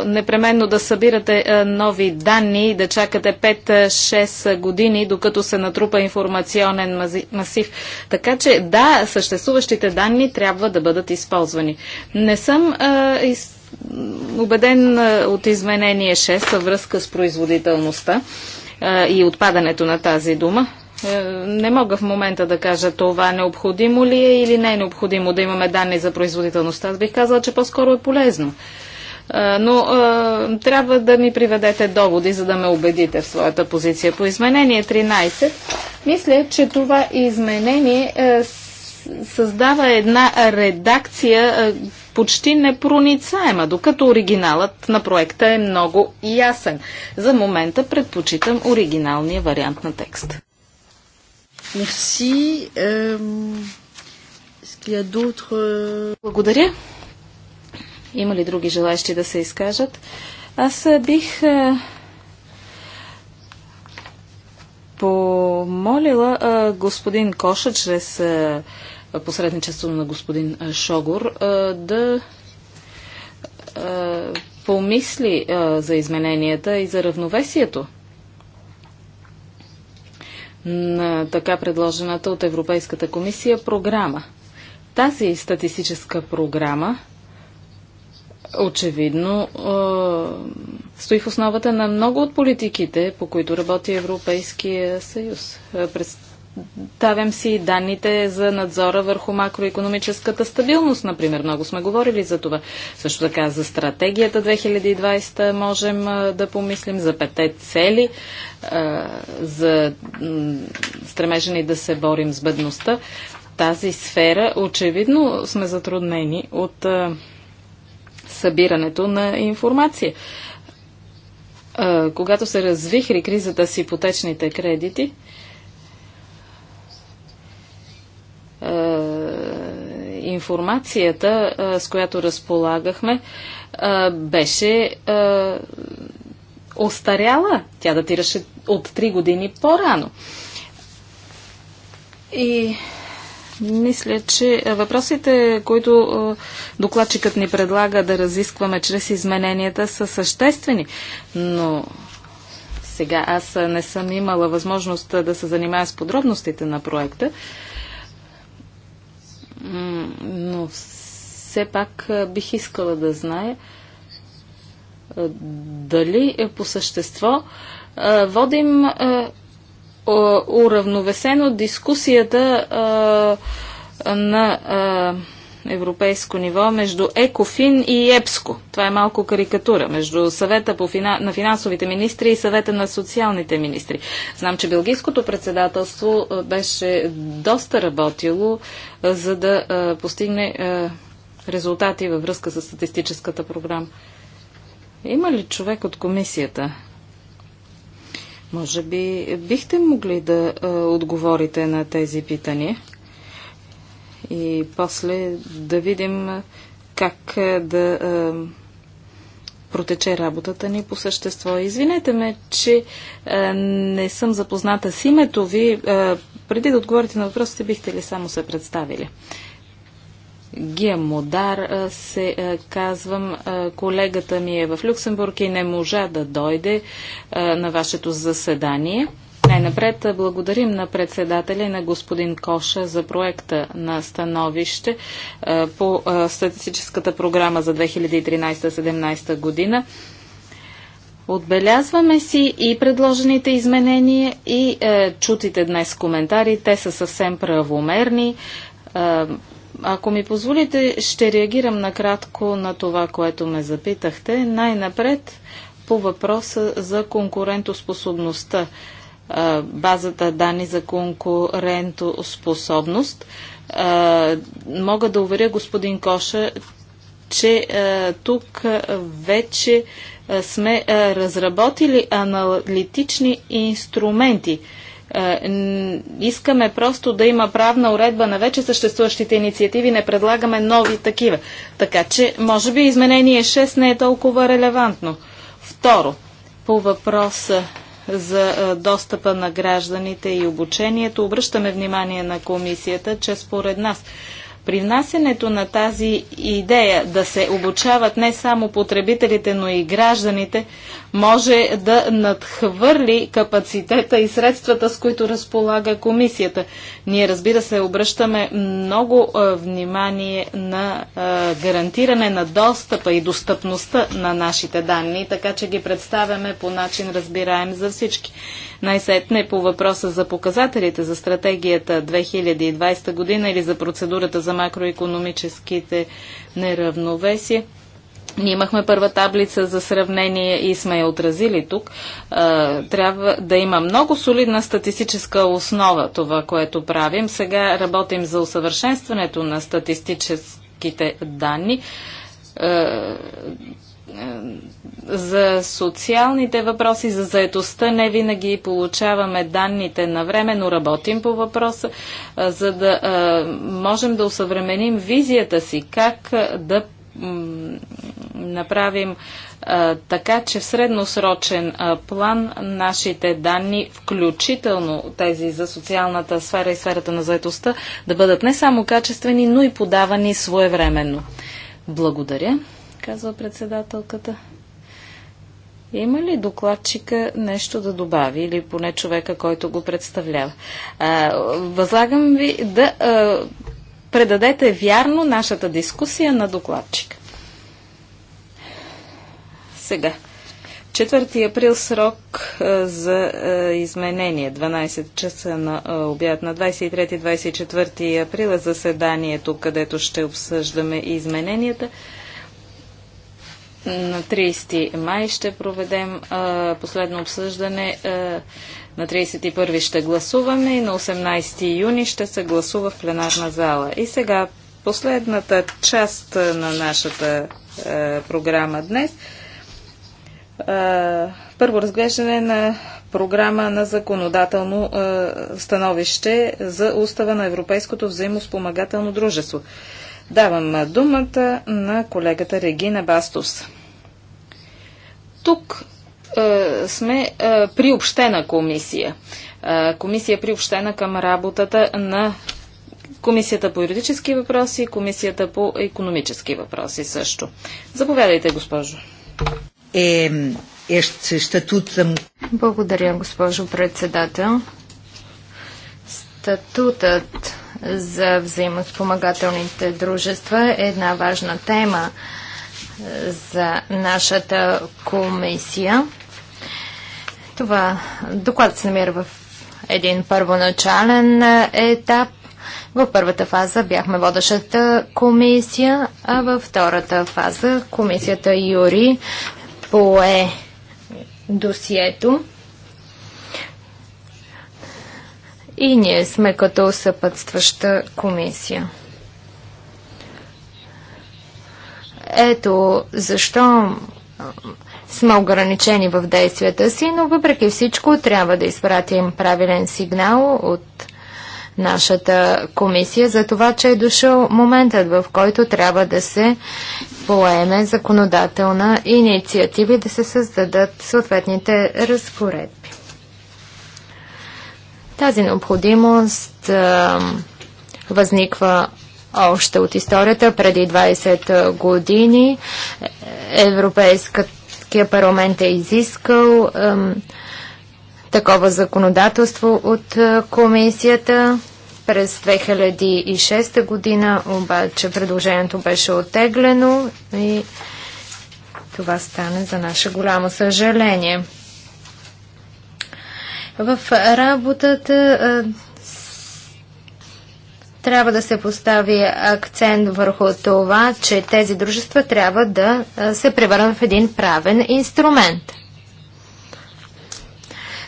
Speaker 3: непременно да събирате нови данни и да чакате 5-6 години, докато се натрупа информационен масив. Така че да, съществуващите данни трябва да бъдат използвани. Не съм убеден от изменение 6 във връзка с производителността и отпадането на тази дума. Е, не мога в момента да кажа това необходимо ли е или не е необходимо да имаме данни за производителността. Аз бих казала, че по-скоро е полезно. Е, но е, трябва да ми приведете доводи, за да ме убедите в своята позиция. По изменение 13, мисля, че това изменение създава една редакция почти непроницаема, докато оригиналът на проекта е много ясен. За момента предпочитам оригиналния вариант на текст.
Speaker 1: Merci.
Speaker 3: Euh, euh, Благодаря. Има ли други желащи да се изкажат? Аз бих е, помолила е, господин Коша чрез е, посредничество на господин Шогор да помисли за измененията и за равновесието на така предложената от Европейската комисия програма. Тази статистическа програма очевидно е, стои в основата на много от политиките, по които работи Европейския съюз. Е, през Давям си данните за надзора върху макроекономическата стабилност, например. Много сме говорили за това. Също така за стратегията 2020 можем да помислим, за пете цели, за стремежени да се борим с бедността. Тази сфера очевидно сме затруднени от събирането на информация. Когато се развихри кризата с ипотечните кредити, Е, информацията, е, с която разполагахме, е, беше остаряла. Тя датираше от 3 години по-рано. И мисля, че въпросите, които докладчикът ни предлага да разискваме чрез измененията, са съществени. Но сега аз не съм имала възможност да се занимая с подробностите на проекта но все пак бих искала да знае дали е по същество водим уравновесено дискусията на европейско ниво между ЕКОФИН и ЕПСКО. Това е малко карикатура между съвета по фина... на финансовите министри и съвета на социалните министри. Знам, че Белгийското председателство беше доста работило, за да постигне резултати във връзка с статистическата програма. Има ли човек от комисията? Може би бихте могли да отговорите на тези питания? и после да видим как е, да е, протече работата ни по същество. Извинете ме, че е, не съм запозната с името ви. преди да отговорите на въпросите, бихте ли само се представили? Гия Модар се казвам. колегата ми е в Люксембург и не можа да дойде на вашето заседание. Най-напред е, благодарим на председателя и на господин Коша за проекта на становище е, по е, статистическата програма за 2013-2017 година. Отбелязваме си и предложените изменения и чутите днес коментари. Те са съвсем правомерни. ако ми позволите, ще реагирам накратко на това, което ме запитахте. Най-напред по въпроса за конкурентоспособността базата данни за конкурентоспособност. Мога да уверя господин Коша, че тук вече сме разработили аналитични инструменти. Искаме просто да има правна уредба на вече съществуващите инициативи, не предлагаме нови такива. Така че, може би, изменение 6 не е толкова релевантно. Второ, по въпроса за достъпа на гражданите и обучението. Обръщаме внимание на комисията, че според нас при внасянето на тази идея да се обучават не само потребителите, но и гражданите, може да надхвърли капацитета и средствата, с които разполага комисията. Ние, разбира се, обръщаме много внимание на гарантиране на достъпа и достъпността на нашите данни, така че ги представяме по начин разбираем за всички. Най-сетне по въпроса за показателите за стратегията 2020 година или за процедурата за макроекономическите неравновесия. Ние имахме първа таблица за сравнение и сме я отразили тук. Трябва да има много солидна статистическа основа това, което правим. Сега работим за усъвършенстването на статистическите данни за социалните въпроси, за заедостта не винаги получаваме данните на време, но работим по въпроса, за да можем да усъвременим визията си, как да направим а, така, че в средносрочен а, план нашите данни, включително тези за социалната сфера и сферата на заедостта, да бъдат не само качествени, но и подавани своевременно. Благодаря, казва председателката. Има ли докладчика нещо да добави или поне човека, който го представлява? А, възлагам ви да а, предадете вярно нашата дискусия на докладчика. Сега. 4 април срок а, е, за а, е, изменение. 12 часа на а, е, обяд на 23-24 април е заседанието, където ще обсъждаме измененията. На 30 май ще проведем последно обсъждане на 31 ще гласуваме и на 18 юни ще се гласува в пленарна зала. И сега последната част на нашата е, програма днес. Е, първо разглеждане на програма на законодателно е, становище за устава на Европейското взаимоспомагателно дружество. Давам думата на колегата Регина Бастус. Тук е, сме е, приобщена комисия. Е, комисия приобщена към работата на Комисията по юридически въпроси и Комисията по економически въпроси също.
Speaker 2: Заповядайте, госпожо. Е, ще статут съм... Благодаря, госпожо председател. Статутът за взаимоспомагателните дружества е една важна тема за нашата комисия. Това доклад се намира в един първоначален е, етап. В първата фаза бяхме водещата комисия, а във втората фаза комисията Юри пое досието. И ние сме като съпътстваща комисия. Ето защо сме ограничени в действията си, но въпреки всичко трябва да изпратим правилен сигнал от нашата комисия за това, че е дошъл моментът, в който трябва да се поеме законодателна инициатива и да се създадат съответните разпоредби. Тази необходимост е, възниква още от историята преди 20 години. Европейската Европейския парламент е изискал ем, такова законодателство от е, комисията. През 2006 година обаче предложението беше оттеглено и това стане за наше голямо съжаление. В работата е, трябва да се постави акцент върху това, че тези дружества трябва да се превърнат в един правен инструмент.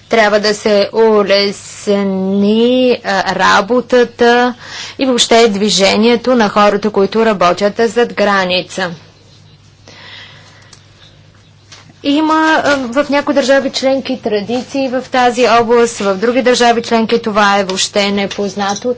Speaker 2: Трябва да се улесни работата и въобще движението на хората, които работят зад граница. Има в някои държави членки традиции в тази област, в други държави членки това е въобще непознато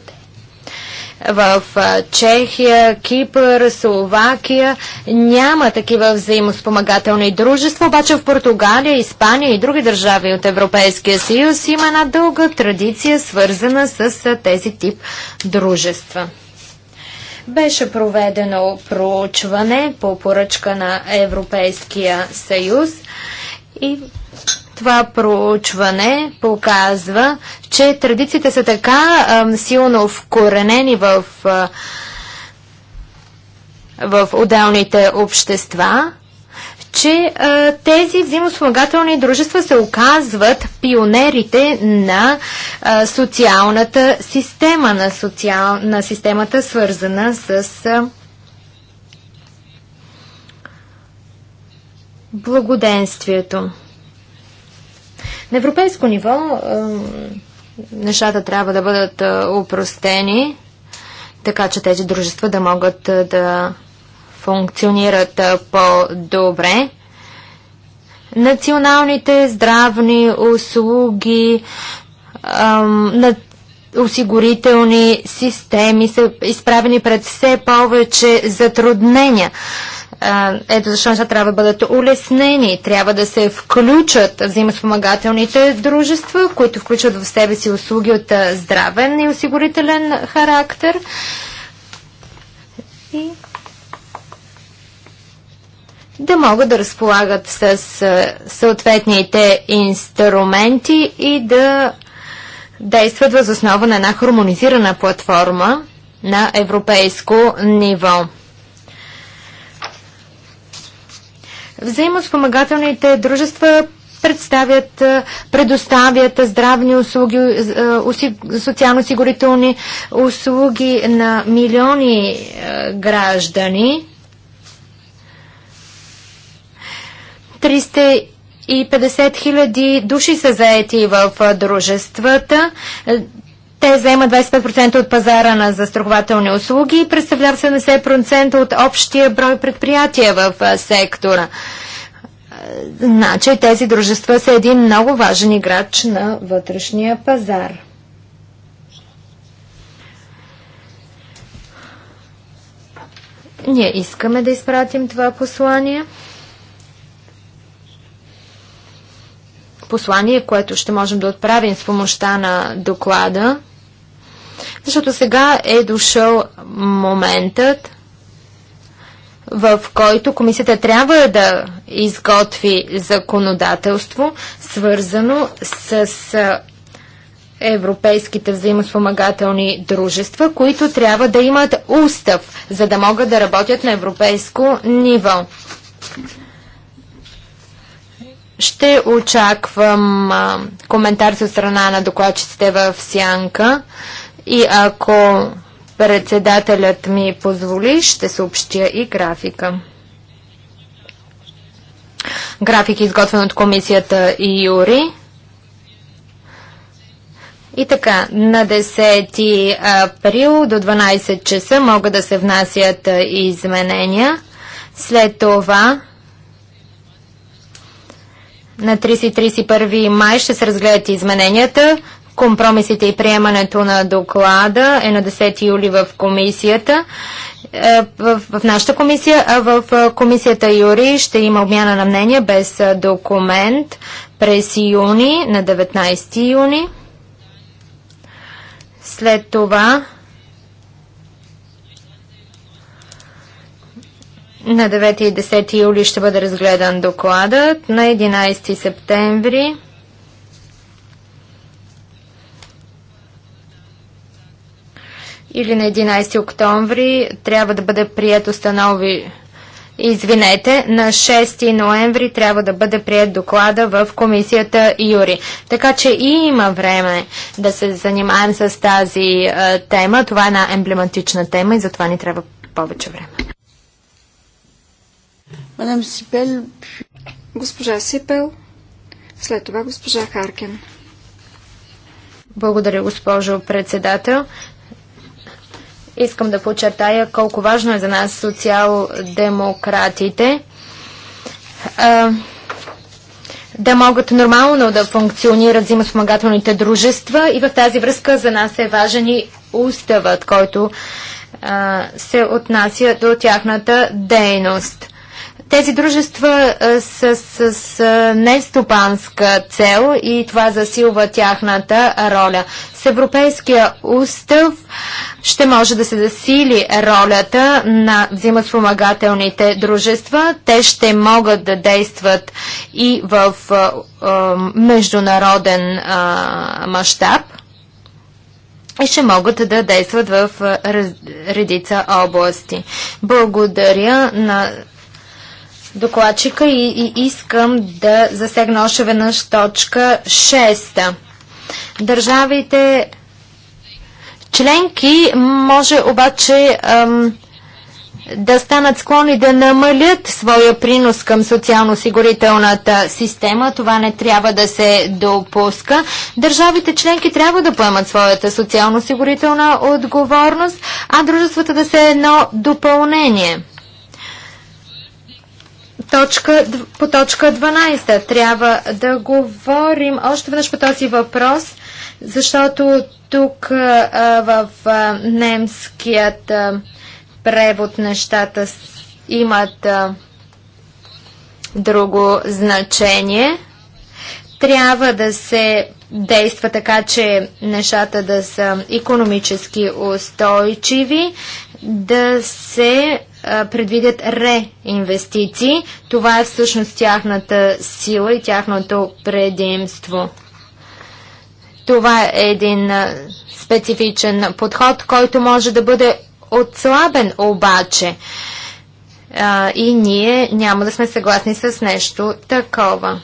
Speaker 2: в Чехия, Кипър, Словакия няма такива взаимоспомагателни дружества, обаче в Португалия, Испания и други държави от Европейския съюз има една дълга традиция, свързана с тези тип дружества. Беше проведено проучване по поръчка на Европейския съюз и това проучване показва, че традициите са така а, силно вкоренени в, а, в отделните общества, че а, тези взаимоспомагателни дружества се оказват пионерите на а, социалната система, на, социал, на системата свързана с а, благоденствието. На европейско ниво нещата трябва да бъдат упростени, така че тези дружества да могат да функционират по-добре. Националните здравни услуги, на осигурителни системи са изправени пред все повече затруднения. Ето защо неща трябва да бъдат улеснени. Трябва да се включат взаимоспомагателните дружества, които включват в себе си услуги от здравен и осигурителен характер. И да могат да разполагат с съответните инструменти и да действат въз основа на една хармонизирана платформа на европейско ниво. Взаимоспомагателните дружества представят, е, предоставят здравни услуги, е, социално-осигурителни услуги на милиони е, граждани и 50 хиляди души са заети в дружествата. Е, те заемат 25% от пазара на застрахователни услуги и представляват 70% от общия брой предприятия в сектора. Е, значи тези дружества са един много важен играч на вътрешния пазар. Ние искаме да изпратим това послание. послание, което ще можем да отправим с помощта на доклада, защото сега е дошъл моментът, в който комисията трябва да изготви законодателство, свързано с европейските взаимоспомагателни дружества, които трябва да имат устав, за да могат да работят на европейско ниво. Ще очаквам а, коментар со страна на докладчиците в Сянка и ако председателят ми позволи, ще съобщя и графика. График е изготвен от комисията и Юри. И така, на 10 април до 12 часа могат да се внасят изменения. След това на 30-31 май ще се разгледат измененията. Компромисите и приемането на доклада е на 10 юли в комисията. Е, в, в нашата комисия, а в е, комисията Юри ще има обмяна на мнение без е, документ през юни, на 19 юни. След това На 9 и 10 юли ще бъде разгледан докладът. На 11 септември или на 11 октомври трябва да бъде прието станови. Извинете, на 6 ноември трябва да бъде прият доклада в комисията Юри. Така че и има време да се занимаем с тази е, тема. Това е една емблематична тема и затова ни трябва повече време.
Speaker 1: Мадам Сипел. Госпожа Сипел. След това госпожа Харкен.
Speaker 2: Благодаря, госпожо председател. Искам да подчертая колко важно е за нас социал-демократите да могат нормално да функционират взаимоспомагателните дружества и в тази връзка за нас е важен и уставът, който а, се отнася до тяхната дейност. Тези дружества са с, с нестопанска цел и това засилва тяхната роля. С Европейския устав ще може да се засили ролята на взимоспомагателните дружества. Те ще могат да действат и в а, а, международен мащаб и ще могат да действат в редица области. Благодаря на докладчика и, и искам да засегна още веднъж точка 6. Държавите членки може обаче ам, да станат склонни да намалят своя принос към социално-осигурителната система. Това не трябва да се допуска. Държавите членки трябва да поемат своята социално-осигурителна отговорност, а дружествата да се е едно допълнение – точка, по точка 12. Трябва да говорим още веднъж по този въпрос, защото тук а, в а, немският а, превод нещата имат друго значение. Трябва да се действа така, че нещата да са економически устойчиви, да се предвидят реинвестиции. Това е всъщност тяхната сила и тяхното предимство. Това е един специфичен подход, който може да бъде отслабен обаче. и ние няма да сме съгласни с нещо такова.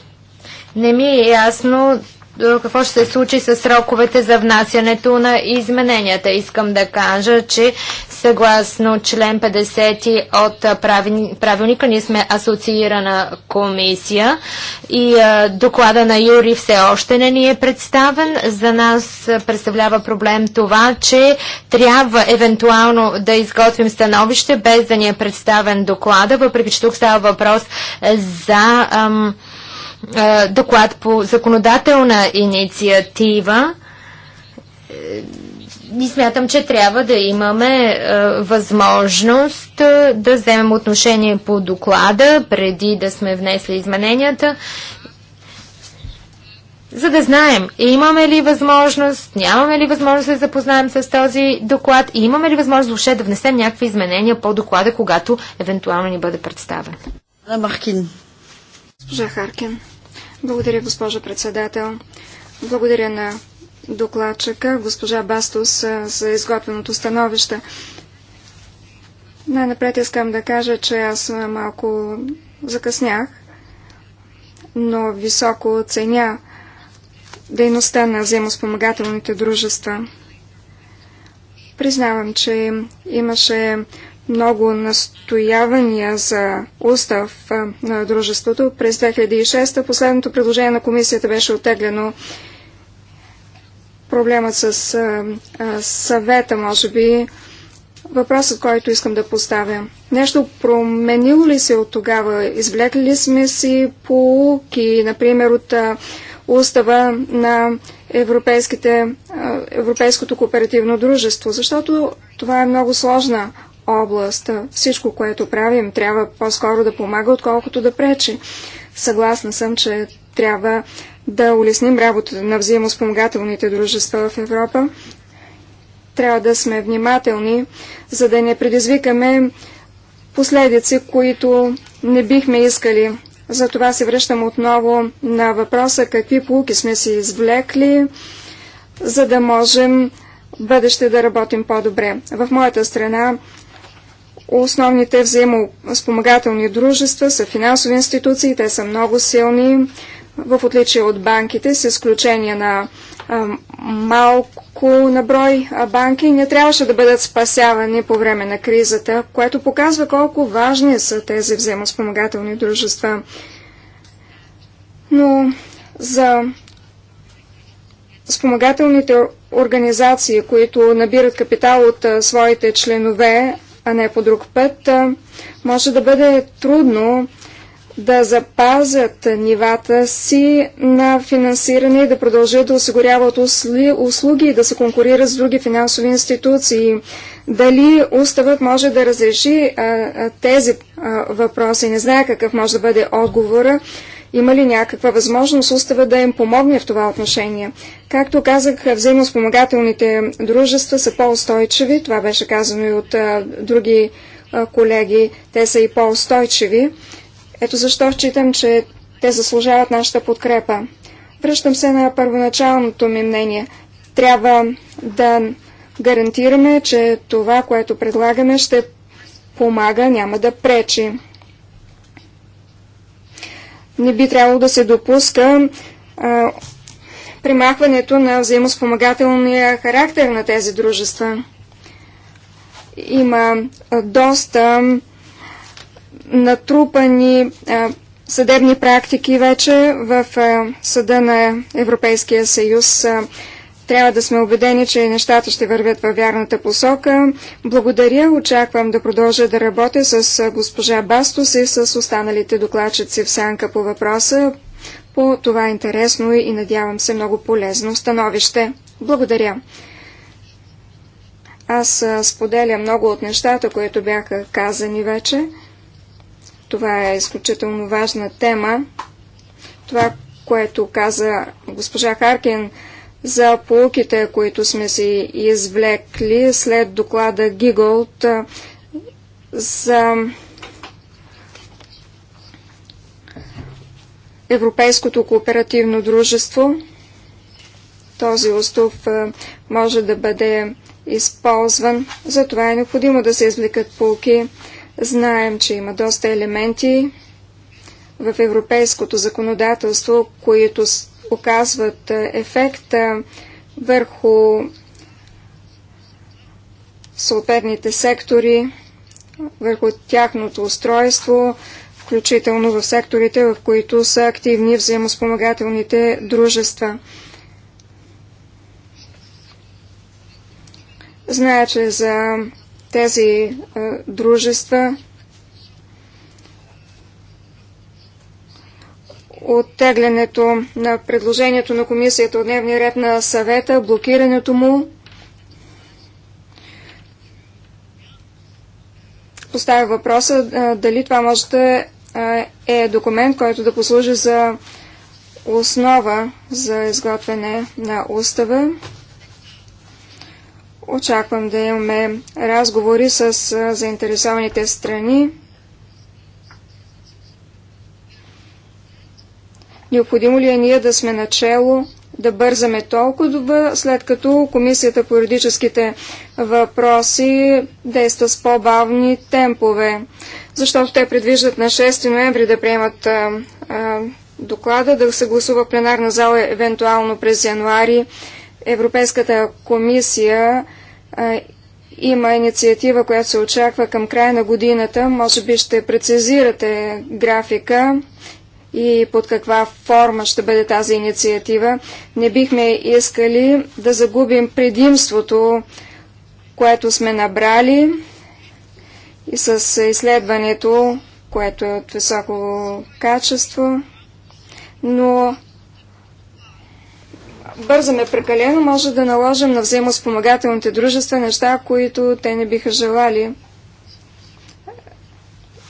Speaker 2: Не ми е ясно какво ще се случи с сроковете за внасянето на измененията. Искам да кажа, че Съгласно член 50 от правилника, ние сме асоциирана комисия и доклада на Юри все още не ни е представен. За нас представлява проблем това, че трябва евентуално да изготвим становище без да ни е представен доклада, въпреки че тук става въпрос за ам, доклад по законодателна инициатива и смятам, че трябва да имаме а, е, възможност а, е, да вземем отношение по доклада, преди да сме внесли измененията, за да знаем имаме ли възможност, нямаме ли възможност да се запознаем с този доклад и имаме ли възможност въобще да внесем някакви изменения по доклада, когато евентуално ни бъде представен.
Speaker 1: Маркин. Госпожа Харкин. Благодаря, госпожа председател. Благодаря на докладчика, госпожа Бастос, за изготвеното становище. Най-напред искам да кажа, че аз малко закъснях, но високо оценя дейността на взаимоспомагателните дружества. Признавам, че имаше много настоявания за устав на дружеството. През 2006 последното предложение на комисията беше оттеглено проблемът с а, а, съвета, може би, въпросът, който искам да поставя. Нещо променило ли се от тогава? Извлекли ли сме си полуки, например, от а, устава на европейските, а, Европейското кооперативно дружество? Защото това е много сложна област. Всичко, което правим, трябва по-скоро да помага, отколкото да пречи. Съгласна съм, че трябва да улесним работата на взаимоспомагателните дружества в Европа. Трябва да сме внимателни, за да не предизвикаме последици, които не бихме искали. Затова се връщам отново на въпроса какви полуки сме си извлекли, за да можем в бъдеще да работим по-добре. В моята страна основните взаимоспомагателни дружества са финансови институции, те са много силни, в отличие от банките, с изключение на а, малко наброй банки, не трябваше да бъдат спасявани по време на кризата, което показва колко важни са тези взаимоспомагателни дружества. Но за спомагателните организации, които набират капитал от а, своите членове, а не по друг път, а, може да бъде трудно да запазят нивата си на финансиране и да продължат да осигуряват услуги и да се конкурират с други финансови институции. Дали уставът може да разреши а, а, тези а, въпроси? Не знае какъв може да бъде отговора. Има ли някаква възможност устава да им помогне в това отношение? Както казах, взаимоспомагателните дружества са по-устойчиви. Това беше казано и от а, други а, колеги. Те са и по-устойчиви. Ето защо считам, че те заслужават нашата подкрепа. Връщам се на първоначалното ми мнение. Трябва да гарантираме, че това, което предлагаме, ще помага, няма да пречи. Не би трябвало да се допуска а, примахването на взаимоспомагателния характер на тези дружества. Има доста натрупани съдебни практики вече в Съда на Европейския съюз. Трябва да сме убедени, че нещата ще вървят във вярната посока. Благодаря, очаквам да продължа да работя с госпожа Бастос и с останалите докладчици в Сянка по въпроса по това интересно и надявам се много полезно становище. Благодаря. Аз споделя много от нещата, които бяха казани вече. Това е изключително важна тема. Това, което каза госпожа Харкин за полуките, които сме си извлекли след доклада Гиголт за Европейското кооперативно дружество. Този устов може да бъде използван. Затова е необходимо да се извлекат полки. Знаем, че има доста елементи в европейското законодателство, които оказват ефекта върху съответните сектори, върху тяхното устройство, включително в секторите, в които са активни взаимоспомагателните дружества. Зная, че за тези а, е, дружества оттеглянето на предложението на комисията от дневния ред на съвета, блокирането му, поставя въпроса а, е, дали това може да е, е документ, който да послужи за основа за изготвяне на устава. Очаквам да имаме разговори с заинтересованите страни. Необходимо ли е ние да сме начало, да бързаме толкова, след като Комисията по юридическите въпроси действа с по-бавни темпове, защото те предвиждат на 6 ноември да приемат а, а, доклада, да се гласува в пленарна зала евентуално през януари Европейската комисия а, има инициатива, която се очаква към края на годината. Може би ще прецизирате графика и под каква форма ще бъде тази инициатива. Не бихме искали да загубим предимството, което сме набрали и с изследването, което е от високо качество, но бързаме прекалено, може да наложим на взаимоспомагателните дружества неща, които те не биха желали.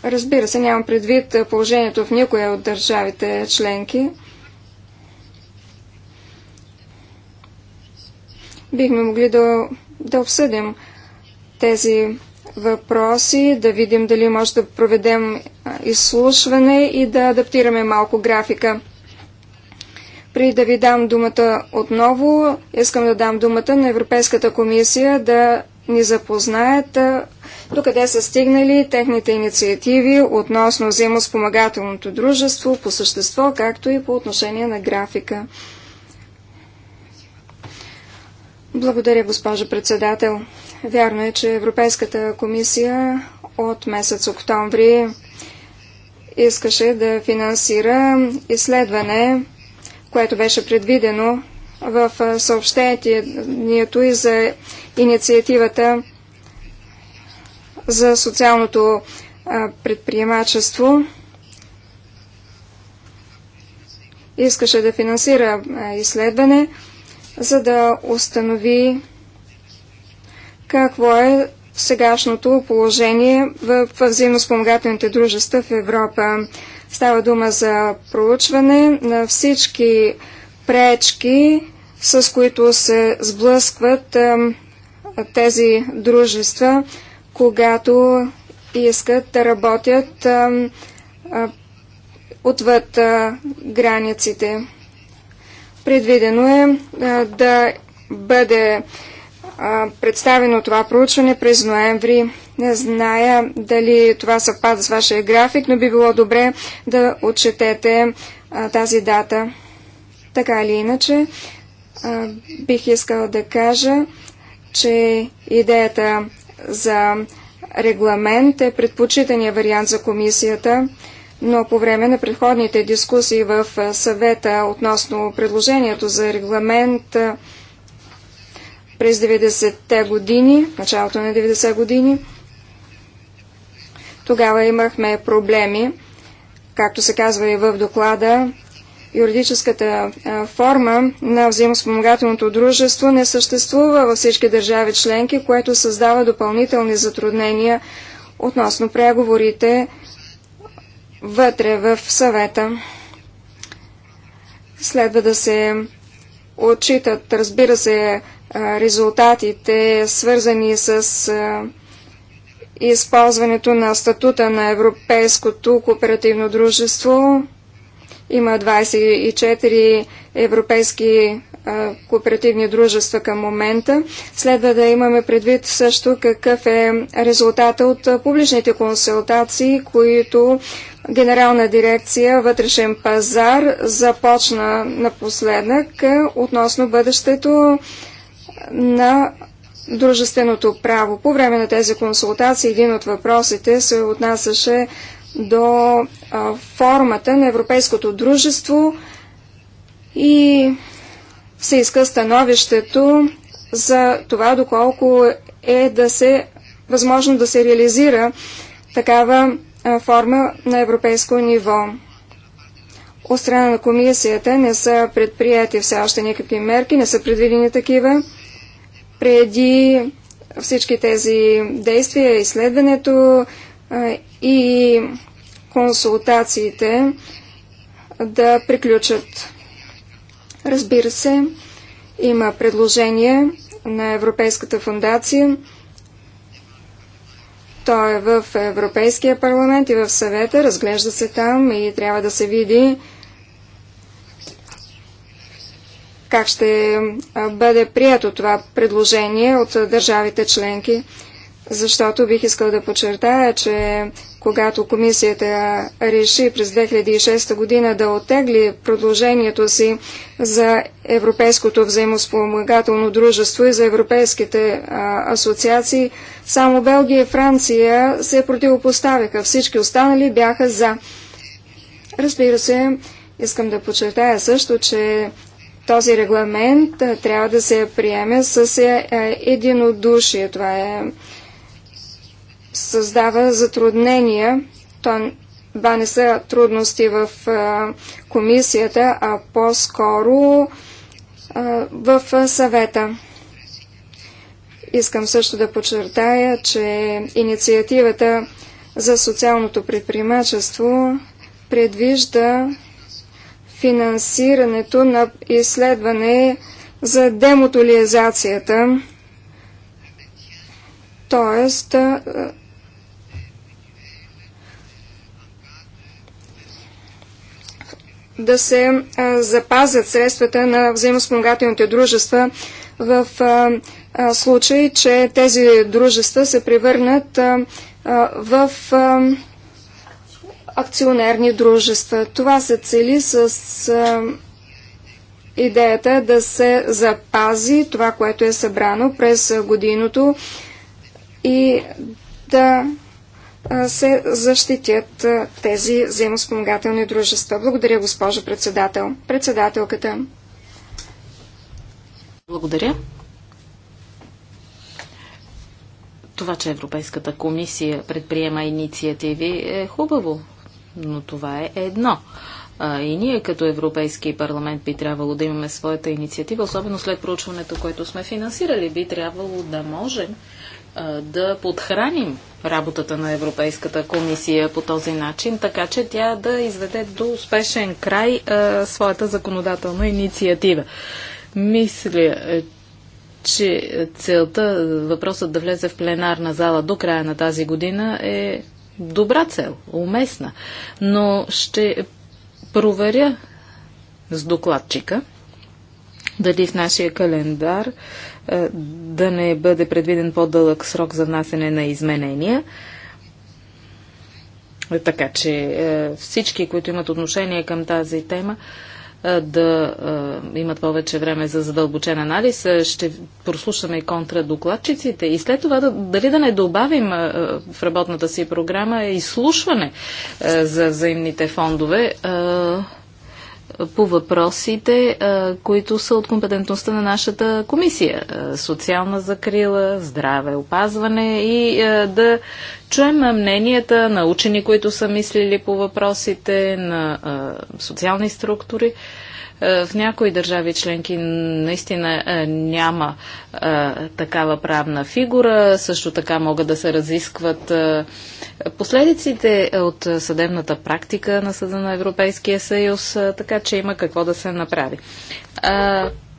Speaker 1: Разбира се, нямам предвид положението в никоя от държавите членки. Бихме могли да, да обсъдим тези въпроси, да видим дали може да проведем изслушване и да адаптираме малко графика. При да ви дам думата отново, искам да дам думата на Европейската комисия да ни запознаят до къде са стигнали техните инициативи относно взаимоспомагателното дружество по същество, както и по отношение на графика. Благодаря, госпожо председател. Вярно е, че Европейската комисия от месец октомври искаше да финансира изследване което беше предвидено в съобщението и за инициативата за социалното предприемачество. Искаше да финансира изследване, за да установи какво е сегашното положение в взаимоспомагателните дружества в Европа. Става дума за проучване на всички пречки, с които се сблъскват тези дружества, когато искат да работят отвъд границите. Предвидено е да бъде представено това проучване през ноември. Не зная дали това съвпада с вашия график, но би било добре да отчетете а, тази дата. Така или иначе, а, бих искала да кажа, че идеята за регламент е предпочитания вариант за комисията, но по време на предходните дискусии в съвета относно предложението за регламент а, през 90-те години, началото на 90 те години. Тогава имахме проблеми, както се казва и в доклада, юридическата форма на взаимоспомогателното дружество не съществува във всички държави членки, което създава допълнителни затруднения относно преговорите вътре в съвета. Следва да се отчитат, разбира се, резултатите, свързани с използването на статута на Европейското кооперативно дружество. Има 24 европейски кооперативни дружества към момента. Следва да имаме предвид също какъв е резултата от публичните консултации, които Генерална дирекция Вътрешен пазар започна напоследък относно бъдещето на дружественото право. По време на тези консултации един от въпросите се отнасяше до а, формата на Европейското дружество и се иска становището за това доколко е да се възможно да се реализира такава а, форма на европейско ниво. От страна на комисията не са предприяти все още никакви мерки, не са предвидени такива преди всички тези действия, изследването и консултациите да приключат. Разбира се, има предложение на Европейската фундация. То е в Европейския парламент и в съвета, разглежда се там и трябва да се види как ще бъде прието това предложение от държавите членки, защото бих искал да подчертая, че когато комисията реши през 2006 година да отегли предложението си за Европейското взаимоспомагателно дружество и за европейските а, асоциации, само Белгия и Франция се противопоставяха. Всички останали бяха за. Разбира се, искам да подчертая също, че този регламент трябва да се приеме с е, е, единодушие. Това е създава затруднения. То това не са трудности в комисията, а по-скоро в съвета. Искам също да подчертая, че инициативата за социалното предприемачество предвижда финансирането на изследване за демотолизацията, т.е. да се запазят средствата на взаимоспомогателните дружества в случай, че тези дружества се превърнат в акционерни дружества. Това се цели с идеята да се запази това, което е събрано през годиното и да се защитят тези взаимоспомагателни дружества. Благодаря, госпожо председател. Председателката.
Speaker 3: Благодаря. Това, че Европейската комисия предприема инициативи е хубаво но това е едно. А, и ние като Европейски парламент би трябвало да имаме своята инициатива, особено след проучването, което сме финансирали. Би трябвало да можем а, да подхраним работата на Европейската комисия по този начин, така че тя да изведе до успешен край а, своята законодателна инициатива. Мисля, е, че целта, въпросът да влезе в пленарна зала до края на тази година е добра цел, уместна, но ще проверя с докладчика дали в нашия календар е, да не бъде предвиден по-дълъг срок за внасене на изменения. Е, така че е, всички, които имат отношение към тази тема, е, да е, имат повече време за задълбочен анализ. Е, ще прослушаме и контрадокладчиците. И след това дали да не добавим в работната си програма изслушване за взаимните фондове по въпросите, които са от компетентността на нашата комисия. Социална закрила, здраве, опазване и да чуем мненията на учени, които са мислили по въпросите, на социални структури. Е, в някои държави членки наистина е, няма е, такава правна фигура. Също така могат да се разискват последиците от съдебната практика на Съда на Европейския съюз, така че има какво да се направи.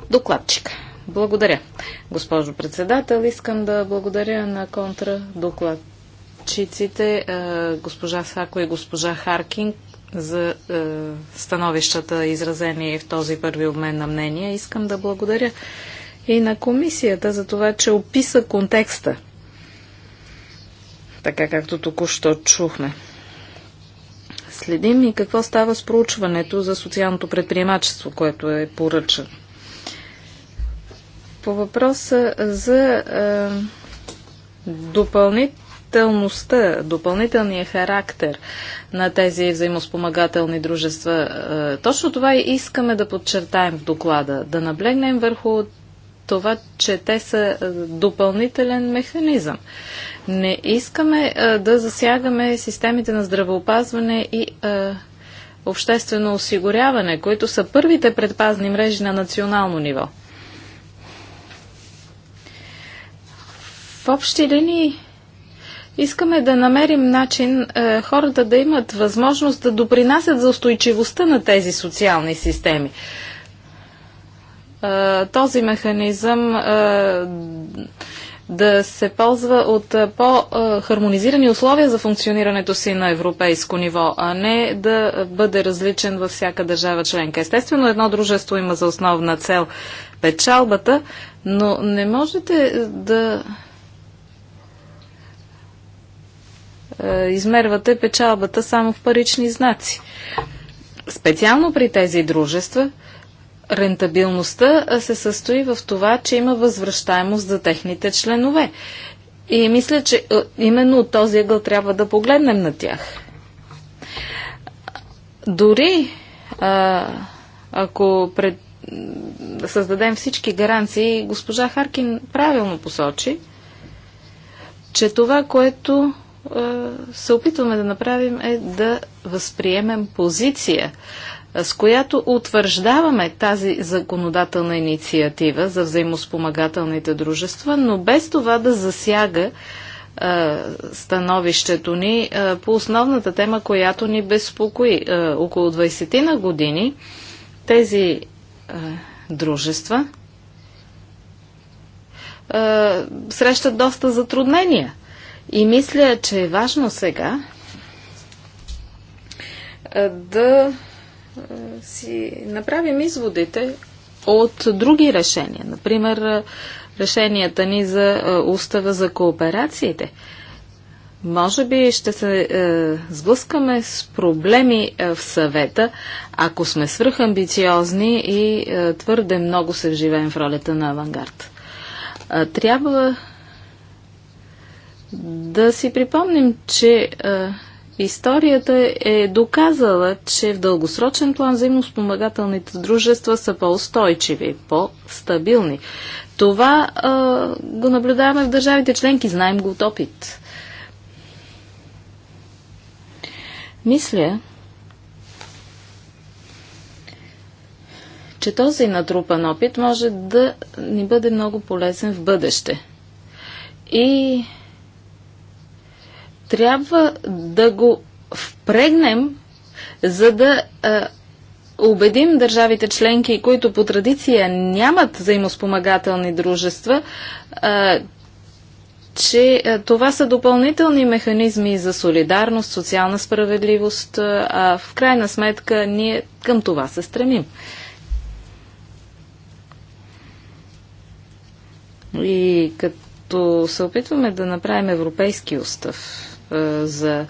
Speaker 3: Докладчик. Благодаря. Госпожо председател, искам да благодаря на контрадокладчиците, госпожа Сако и госпожа Харкинг за е, становищата, изразени в този първи обмен на мнения. Искам да благодаря и на комисията за това, че описа контекста, така както току-що чухме. Следим и какво става с проучването за социалното предприемачество, което е поръчано. По въпроса за е, допълнително допълнителността, допълнителния характер на тези взаимоспомагателни дружества. Е, точно това и искаме да подчертаем в доклада, да наблегнем върху това, че те са е, допълнителен механизъм. Не искаме е, да засягаме системите на здравеопазване и обществено осигуряване, които са първите предпазни мрежи на национално ниво. В общи линии Искаме да намерим начин е, хората да имат възможност да допринасят за устойчивостта на тези социални системи. Е, този механизъм е, да се ползва от е, по-хармонизирани условия за функционирането си на европейско ниво, а не да бъде различен във всяка държава членка. Естествено, едно дружество има за основна цел печалбата, но не можете да Е, измервате печалбата само в парични знаци. Специално при тези дружества рентабилността се състои в това, че има възвръщаемост за техните членове. И мисля, че е, именно от този ъгъл трябва да погледнем на тях. Дори а, ако пред, създадем всички гаранции, госпожа Харкин правилно посочи, че това, което е, се опитваме да направим е да възприемем позиция, е, с която утвърждаваме тази законодателна инициатива за взаимоспомагателните дружества, но без това да засяга е, становището ни по основната тема, която ни безпокои. Около 20 на години тези дружества срещат доста затруднения и мисля, че е важно сега да си направим изводите от други решения. Например, решенията ни за устава за кооперациите. Може би ще се е, сблъскаме с проблеми в съвета, ако сме свръхамбициозни и е, твърде много се вживеем в ролята на авангард. Е, трябва да си припомним, че а, историята е доказала, че в дългосрочен план взаимоспомагателните дружества са по-устойчиви, по-стабилни. Това а, го наблюдаваме в държавите членки, знаем го от опит. Мисля, че този натрупан опит може да ни бъде много полезен в бъдеще. И трябва да го впрегнем, за да а, убедим държавите членки, които по традиция нямат взаимоспомагателни дружества, а, че а, това са допълнителни механизми за солидарност, социална справедливост, а в крайна сметка ние към това се стремим. И като се опитваме да направим европейски устав, е, за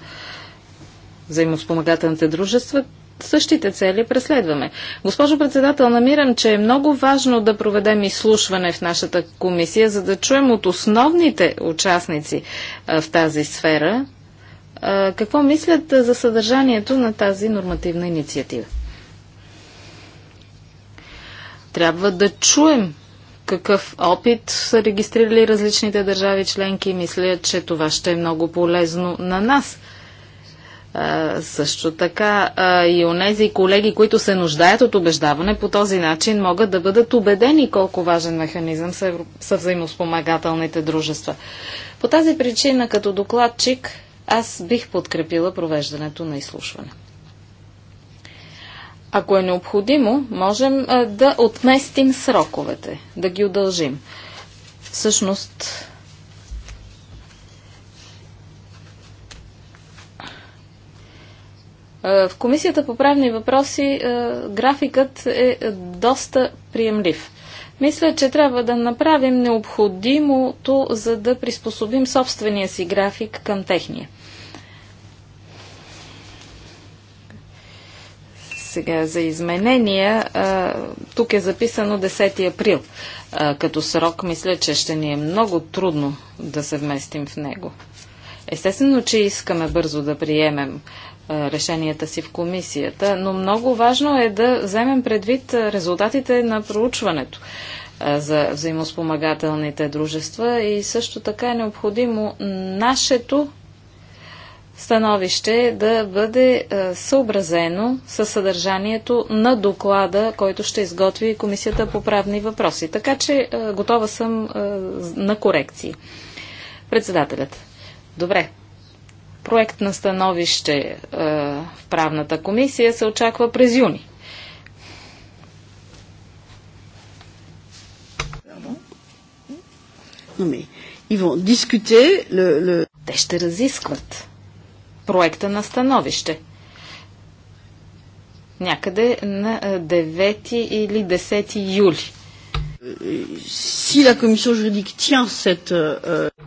Speaker 3: взаимоспомагателните дружества, същите цели преследваме. Госпожо председател, намирам, че е много важно да проведем изслушване в нашата комисия, за да чуем от основните участници е, в тази сфера е, какво мислят за съдържанието на тази нормативна инициатива. Трябва да чуем какъв опит са регистрирали различните държави членки. Мисля, че това ще е много полезно на нас. А, също така а, и онези колеги, които се нуждаят от убеждаване, по този начин могат да бъдат убедени колко важен механизъм са, евро... са взаимоспомагателните дружества. По тази причина, като докладчик, аз бих подкрепила провеждането на изслушване. Ако е необходимо, можем а, да отместим сроковете, да ги удължим. Всъщност, В Комисията по правни въпроси графикът е доста приемлив. Мисля, че трябва да направим необходимото, за да приспособим собствения си график към техния. Сега за изменения, а, тук е записано 10 април. А, като срок мисля, че ще ни е много трудно да се вместим в него. Естествено, че искаме бързо да приемем а, решенията си в комисията, но много важно е да вземем предвид резултатите на проучването за взаимоспомагателните дружества и също така е необходимо нашето становище да бъде е, съобразено със съдържанието на доклада, който ще изготви Комисията по правни въпроси. Така че е, готова съм е, на корекции. Председателят. Добре. Проект на становище в правната комисия се очаква през юни. Те ще разискват проекта на становище. Някъде на 9 или 10 юли.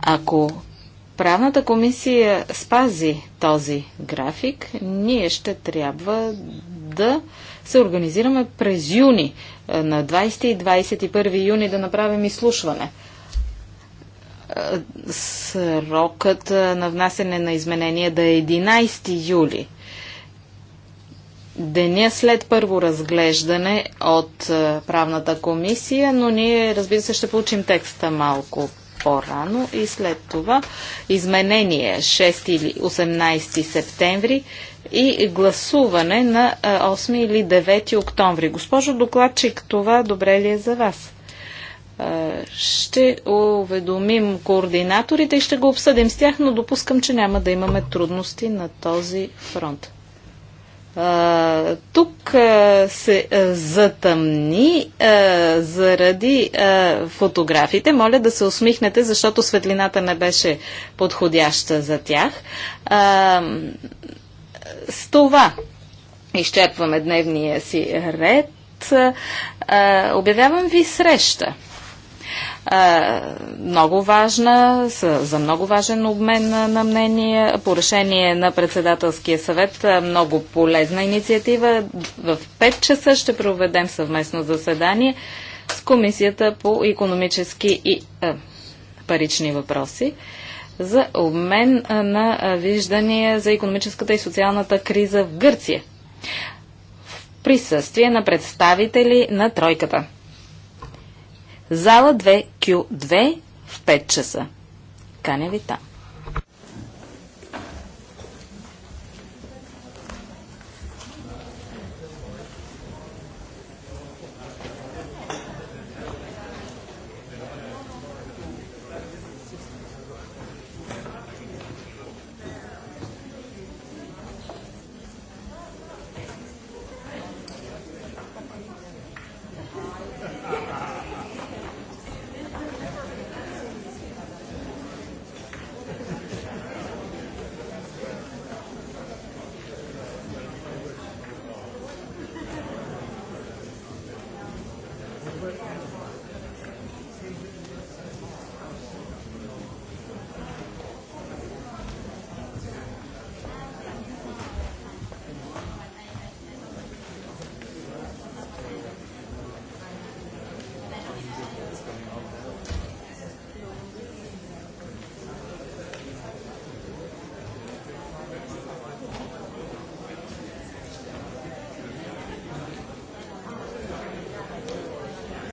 Speaker 3: Ако правната комисия спази този график, ние ще трябва да се организираме през юни, на 20 и 21 юни да направим изслушване срокът на внасене на изменения да е 11 юли. Деня след първо разглеждане от правната комисия, но ние, разбира се, ще получим текста малко по-рано и след това изменение 6 или 18 септември и гласуване на 8 или 9 октомври. Госпожо докладчик, това добре ли е за вас? Е, ще уведомим координаторите и ще го обсъдим с тях, но допускам, че няма да имаме трудности на този фронт. Е, тук е, се затъмни заради фотографите. Моля да се усмихнете, защото светлината не беше подходяща за тях. С това изчерпваме дневния си ред. Обявявам ви среща. Е, много важна, за много важен обмен на, на мнения. По решение на председателския съвет е, много полезна инициатива. В 5 часа ще проведем съвместно заседание с Комисията по економически и е, парични въпроси за обмен на виждания за економическата и социалната криза в Гърция в присъствие на представители на тройката. Зала 2Q2 в 5 часа. Каня ви там.